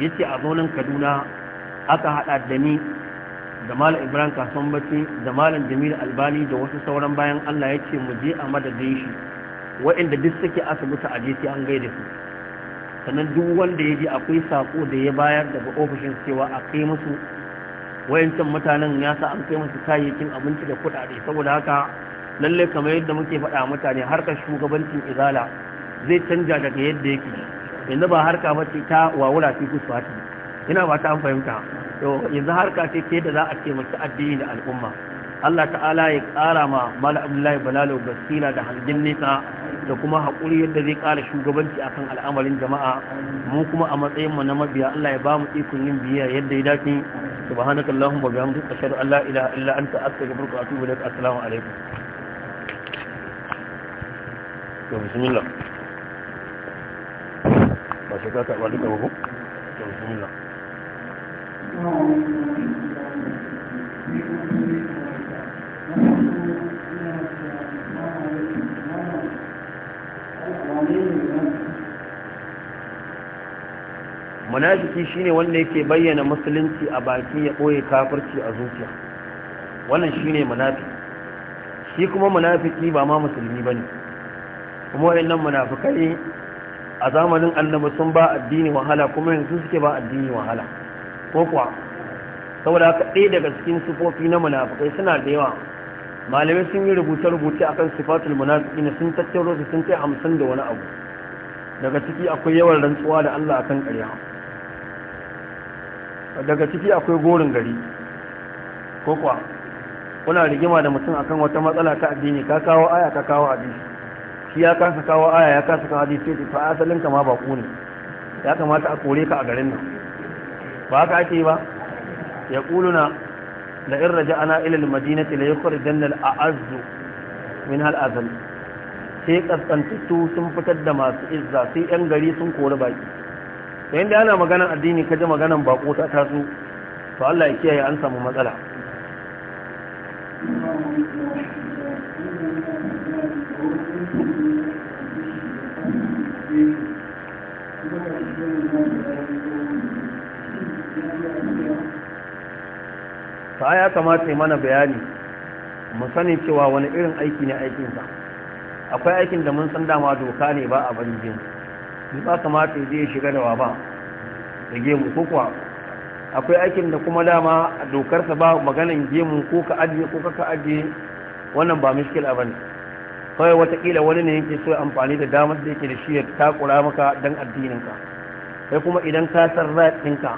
ya ce a zonan kaduna aka haɗa da ni da malam ibrahim kasuwan bacci da malam jamil albani da wasu sauran bayan allah ya ce mu je a madadin shi waɗanda duk suke asibiti a je sai an gaida su sannan duk wanda ya ji akwai sako da ya bayar daga ofishin cewa a kai musu wayancan mutanen ya sa an kai musu kayayyakin abinci da kuɗaɗe saboda haka lallai kamar yadda muke faɗa mutane harkar shugabancin izala zai canja daga yadda yake yanzu ba harka ba ce ta wawura fi ku ina ba ta fahimta yanzu harka ce ta da za a taimaki addini da al'umma Allah ta'ala ya ƙara ma Malam Abdullahi Balalo basira da hangen nesa da kuma haƙuri yadda zai ƙara shugabanci akan al'amarin jama'a mu kuma a matsayinmu na mabiya Allah ya ba mu ikon yin biyayya yadda ya dace subhanaka allahumma ba bihamdika ashhadu an la ilaha illa anta astaghfiruka wa atubu ilaik assalamu alaikum to bismillah ba sai ka ka duka ba ko to bismillah Thank you. munafiki shine wanda yake bayyana musulunci a baki ya boye kafirci a zuciya wannan shine munafiki shi kuma munafiki ba ma musulmi bane kuma wayannan munafikai a zamanin annabi sun ba addini wahala kuma yanzu suke ba addini wahala ko kuwa saboda haka ɗaya daga cikin sufofi na munafikai suna da yawa malamai sun yi rubuce-rubuce akan sifatul munafiqina sun tattaro su sun kai hamsin da wani abu daga ciki akwai yawan rantsuwa da Allah akan ƙarya daga ciki akwai gorin gari ko kuwa kuna rigima da mutum akan wata matsala ta addini ka kawo aya ka kawo hadisi shi ya kasa kawo aya ya kasa kawo hadisi sai fa asalin ka ma baku ne ya kamata a kore ka a garin nan ba haka ake ba ya kuluna da in ana ila al-madinati la yukhrijanna al-a'azz min hal azl sai kaskantattu sun fitar da masu izza sai yan gari sun kori baki da da ana maganan addini kaje maganan bako ta taso to Allah ya kiyaye an samu matsala ka ya kamata ya mana bayani mu sani cewa wani irin aiki ne aikinsa. akwai aikin da mun san dama doka ne ba a banjin jin ba kamata ya zai shiga da wa ba da gemu ko kuwa akwai aikin da kuma dama dokarsa ba maganin gemu ko ka ajiye ko ka ajiye wannan ba miskil abin kawai watakila wani ne yake so amfani da damar da yake da shi ya takura maka don addininka sai kuma idan ka san ratinka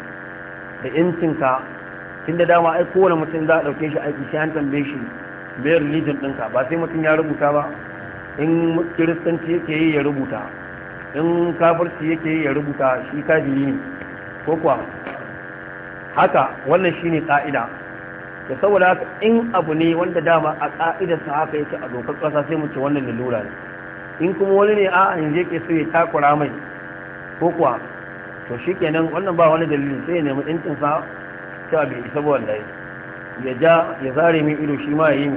da yancinka da dama ai kowane mutum za a ɗauke shi aiki sai an tambaye shi bayar religion ɗinka ba sai mutum ya rubuta ba in kiristanci yake yi ya rubuta in kafirci yake yi ya rubuta shi kafiri ne ko kuwa haka wannan shi ne ka'ida da saboda haka in abu ne wanda dama a ka'idar sa haka yake a dokar ƙasa sai mu wannan lalura ne in kuma wani ne a yanzu yake so ya takura mai ko kuwa to shi kenan wannan ba wani dalilin sai ya nemi ɗinkin sa cewa bai isa ba wallahi ya ja ya zare min ido shi ma ya yi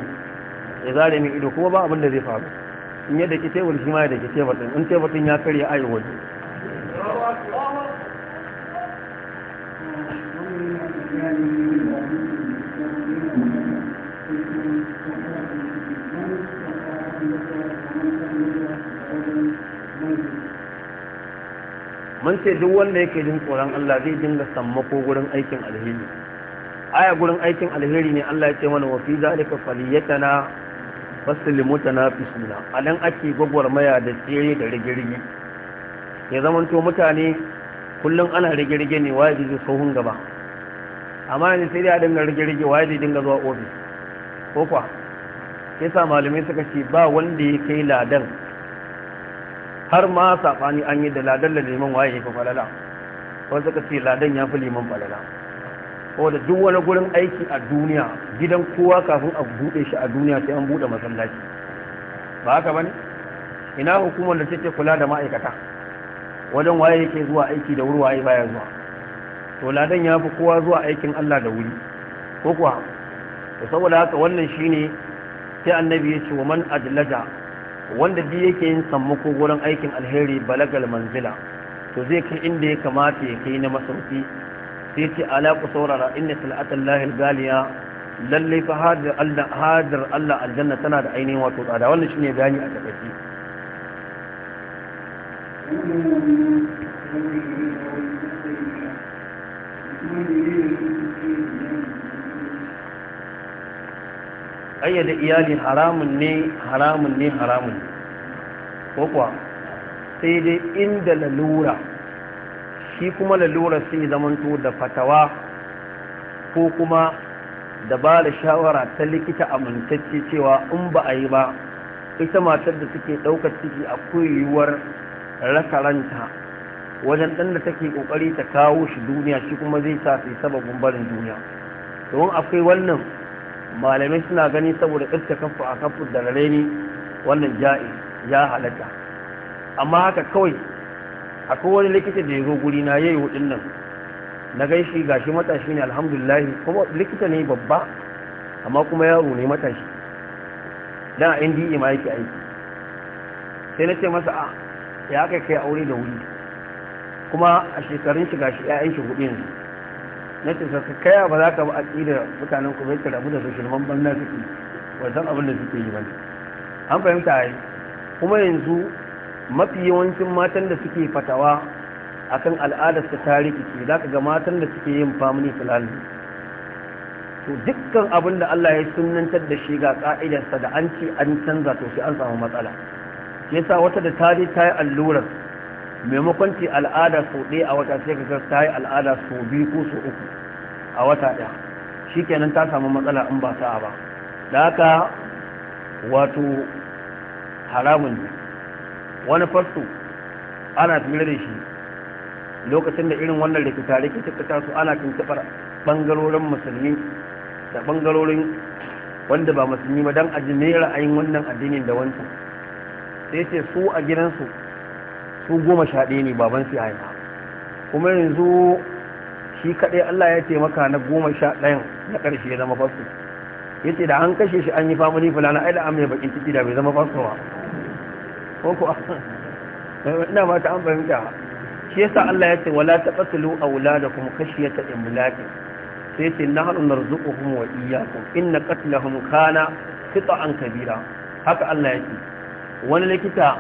ya zare min ido kuma ba abin da zai faru in yadda ki tebur shi ma ya dake ki tebur din in tebur din ya karya ayi waje Thank you. mun ce duk wanda yake jin tsoron Allah zai dinga sammako gurin aikin alheri aya gurin aikin alheri ne Allah ya ce mana wa fi zalika faliyatana faslimu tanafisuna alan ake gwagwarmaya da tsere da rigirgi ya zaman to mutane kullum ana rigirgi ne waye zai sohun gaba amma ne sai dai a dinga rigirgi waye zai dinga zuwa ofis ko kwa yasa malamai suka ce ba wanda ya kai ladan har ma saɓani an yi da ladan da liman waye ya fi falala wani suka ce ladan ya fi liman falala wadda duk wani gurin aiki a duniya gidan kowa kafin a buɗe shi a duniya sai an buɗe masallaci ba haka ba ne ina hukumar da take kula da ma'aikata wajen waye yake zuwa aiki da wuri waye baya zuwa to ladan ya fi kowa zuwa aikin allah da wuri ko kuwa to saboda haka wannan shine sai annabi ya ce wa man ajlaja wanda duk yake yin sammako gurin aikin alheri balagal manzila to zai kai inda ya kamata ya kai na masauki sai ce ala ku saurara inna sal'atan lahil galiya lalle fa Allah Allah aljanna tana da ainihin wato tsada wannan shine bayani a takaice
Thank you.
ƙayyade iyali haramun ne haramun ne haramun ko kuwa sai dai inda lalura shi kuma lalura sai zamanto da fatawa ko kuma da ba da shawara ta likita amintacce cewa in ba a yi ba ita matar da suke ɗaukar ciki a yiwuwar rasa ranta wajen ɗan da take ƙoƙari ta kawo shi duniya shi kuma zai sa sai sababin barin duniya domin akwai wannan malamai suna gani saboda ita kafu a kafu da rareni wannan ja'i ya halatta amma haka kawai akwai wani likita da ya zo guri na yayi hudin nan na gaishi gashi matashi ne alhamdulillah kuma likita ne babba amma kuma yaro ne matashi dan a ma yake aiki sai na ce masa a ah, ya kai kai aure da wuri kuma a shekarun shi gashi 'ya'yan shi hudu yanzu na ce sassa kaya ba za ka ba da mutanen ku zai rabu da su shirman banna suke wasan abin da suke yi ba an fahimta a yi kuma yanzu mafi yawancin matan da suke fatawa akan al'adar ta tarihi ce za ka ga matan da suke yin famini planning to dukkan abin da Allah ya sunantar da shi ga ka'idarsa da an ce an canza to sai an samu matsala yasa wata da ta ta yi allurar maimakon ce al'ada sau ɗaya a wata sai ka ta yi al'ada sau biyu ko sau uku a wata ɗaya shi kenan ta samu matsala in ba sa'a ba da haka wato haramun ne wani fasto ana tunar da shi lokacin da irin wannan rikita rikita ka taso ana tuntuɓar ɓangarorin musulmi da ɓangarorin wanda ba musulmi ba don aji ra'ayin wannan addinin da wancan sai ce su a gidansu su goma sha ɗaya ne baban su haifa kuma yanzu shi kaɗai Allah ya taimaka na goma sha ɗayan na ƙarshe ya zama fasto ya ce da an kashe shi an yi famili fulana ai da an mai bakin ciki da bai zama fasto ba ko kuwa ina ma ta an fahimta shi yasa Allah ya ce wala ta a wula da taqtulu awladakum khashyata imlaqin sai ce na haɗu kuma wa iyyakum inna qatlahum kana an kabira haka Allah ya ce. wani likita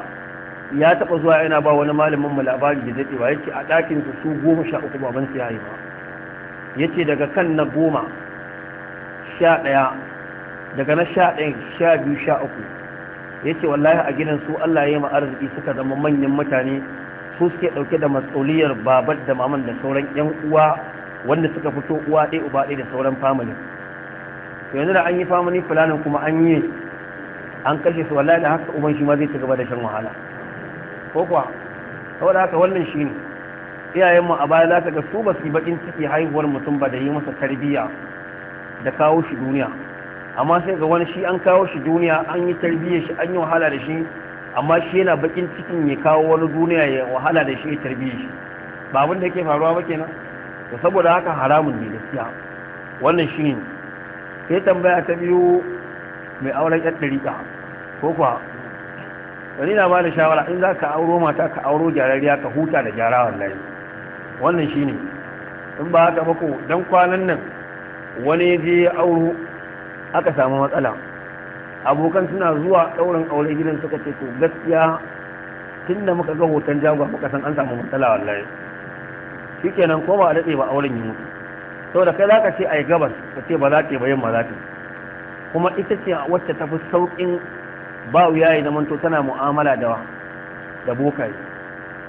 ya taɓa zuwa yana ba wani malamin mu labari da dadewa ya ce a dakin su su goma sha uku baban su ya ba ya ce daga kan na goma sha ɗaya daga na sha ɗaya sha biyu sha uku ya ce wallahi a gidan su Allah ya yi arziki suka zama manyan mutane su suke ɗauke da matsoliyar babar da maman da sauran yan uwa wanda suka fito uwa ɗaya uba ɗaya da sauran famili yanzu da an yi family planning kuma an yi an kashe su wallahi da haka uban shi ma zai ci gaba da shan wahala ko kuwa saboda haka wannan shi ne iyayenmu a baya za ga su ba su bakin ciki haihuwar mutum ba da yi masa tarbiyya da kawo shi duniya amma sai ga wani shi an kawo shi duniya an yi tarbiyyar shi an yi wahala da shi amma shi yana bakin cikin ya kawo wani duniya ya wahala da shi ya tarbiyyar shi ba abin da yake faruwa ba kenan to saboda haka haramun ne da gaskiya wannan shi ne sai tambaya ta biyu mai auren yar ɗariƙa ko kuwa wani na bada shawara in za ka auro mata ka auro jarariya ka huta da gyara wallahi wannan shi ne in ba haka bako don kwanan nan wani je ya auro aka samu matsala abokan suna zuwa ɗaurin aure gidan suka ce to gaskiya tun da muka ga hoton jagwa muka san an samu matsala wallahi shikenan ko ba a daɗe ba auren yi mutu saboda kai za ka ce a yi gabas ka ce ba za ta yi ba yamma za ta kuma ita ce wacce ta fi sauƙin ba wuya ya zamanto tana mu'amala da da bokaye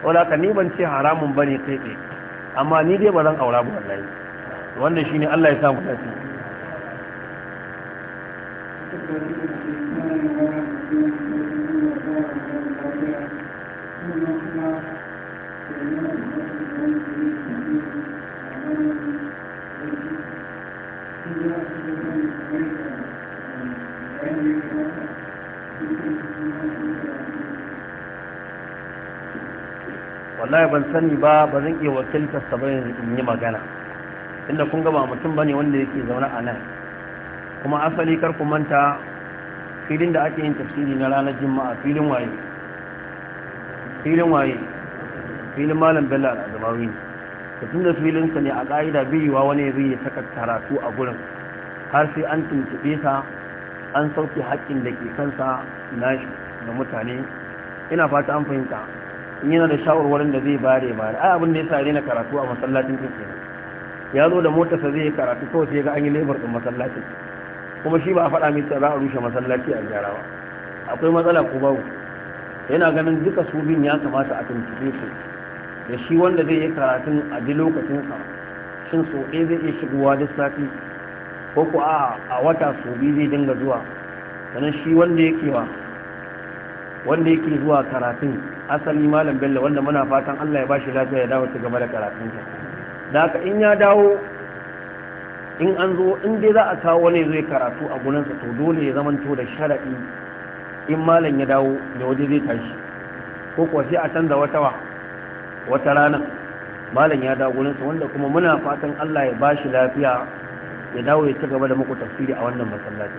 wala ka ni ban ce haramun bane kai tsaye amma ni dai ba zan aura ba wallahi wannan shine Allah ya sa mu tafi
Thank you.
wallahi ban sani ba ba zan iya wakiltar sa in yi magana inda kun ga ba mutum bane wanda yake zaune a nan kuma asali kar ku manta filin da ake yin tafsiri na ranar juma'a filin waye filin waye filin malam bello azmawi da tun da filin sa ne a ka'ida biyuwa wani ya zai saka karatu a gurin har sai an tuntuɓe sa an sauke haƙƙin da ke kansa na mutane ina fata an fahimta yana da shawarwarin da zai bare bare a abin da ya sare na karatu a masallacin kike ya zo da motarsa zai yi karatu kawai sai ga an yi lebar din masallacin kuma shi ba a faɗa mai za a rushe masallaci a gyara ba akwai matsala ko babu yana ganin duka su bin ya kamata a tuntuɓe su da shi wanda zai yi karatun a ji lokacin sa shin so ɗaya zai iya shigowa duk sati ko ko a a wata so biyu zai dinga zuwa sannan shi wanda yake wa wanda yake zuwa karatun asali malam bello wanda muna fatan allah ya ba shi lafiya ya dawo ci gaba da sa da haka in ya dawo in an zo in dai za a kawo wani zai karatu a gurinsa to dole ya to da sharadi in malam ya dawo da waje zai tashi ko kuwa sai a canza wata wa wata rana malam ya dawo sa wanda kuma muna fatan allah ya ba shi lafiya ya dawo ya ci gaba da muku tafsiri a wannan masallaci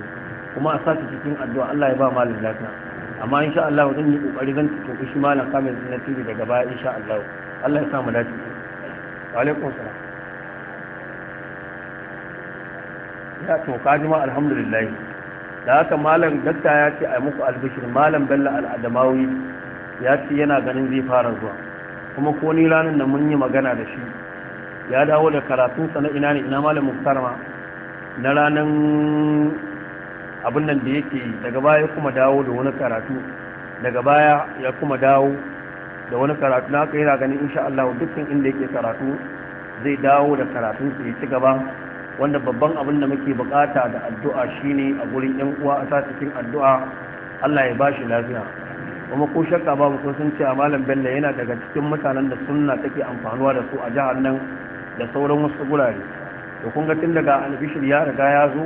kuma a sake cikin addu'a allah ya ba malam lafiya amma sha Allah zan yi kokari zan tuto shi malam kamar na tibi daga baya sha Allah Allah ya sa dace wa alaikum salam ya to kajima alhamdulillah da haka malam dakta ya ce a muku albishir malam bella al'adamawi ya ce yana ganin zai fara zuwa kuma ko ni ranar da mun yi magana da shi ya dawo da karatunsa na ina ne ina malam muktarma na ranar abin nan da yake daga baya kuma dawo da wani karatu daga baya ya kuma dawo da wani karatu na aka yana ganin insha Allah dukkan inda yake karatu zai dawo da karatun su ya ci gaba wanda babban abin da muke bukata da addu'a shine a gurin yan uwa a cikin addu'a Allah ya bashi lafiya kuma ko shakka babu kun sun ce a malam Bello yana daga cikin mutanen da sunna take amfanuwa da su a jihar nan da sauran wasu gurare to kun ga tun daga albishir ya riga ya zo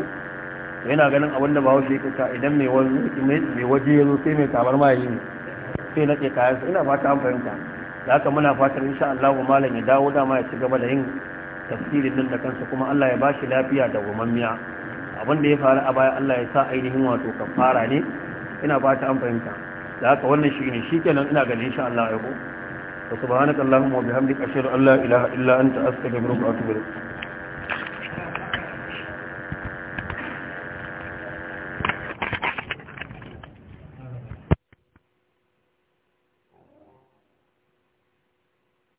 yana ganin abin da wasu ya kuka idan mai waje ya zo sai mai kamar ma yi sai na ke kayan ina fata an fahimta da haka muna fatar insha Allah malam ya dawo ma ya ci gaba da yin tafsirin nan da kansa kuma Allah ya bashi lafiya da gumammiya abin da ya faru a baya Allah ya sa ainihin wato kafara ne ina fata an fahimta da haka wannan shi ne shikenan ina ganin insha Allah ya ko allahumma wa bihamdika ashhadu an la ilaha illa anta astaghfiruka wa atubu ilaik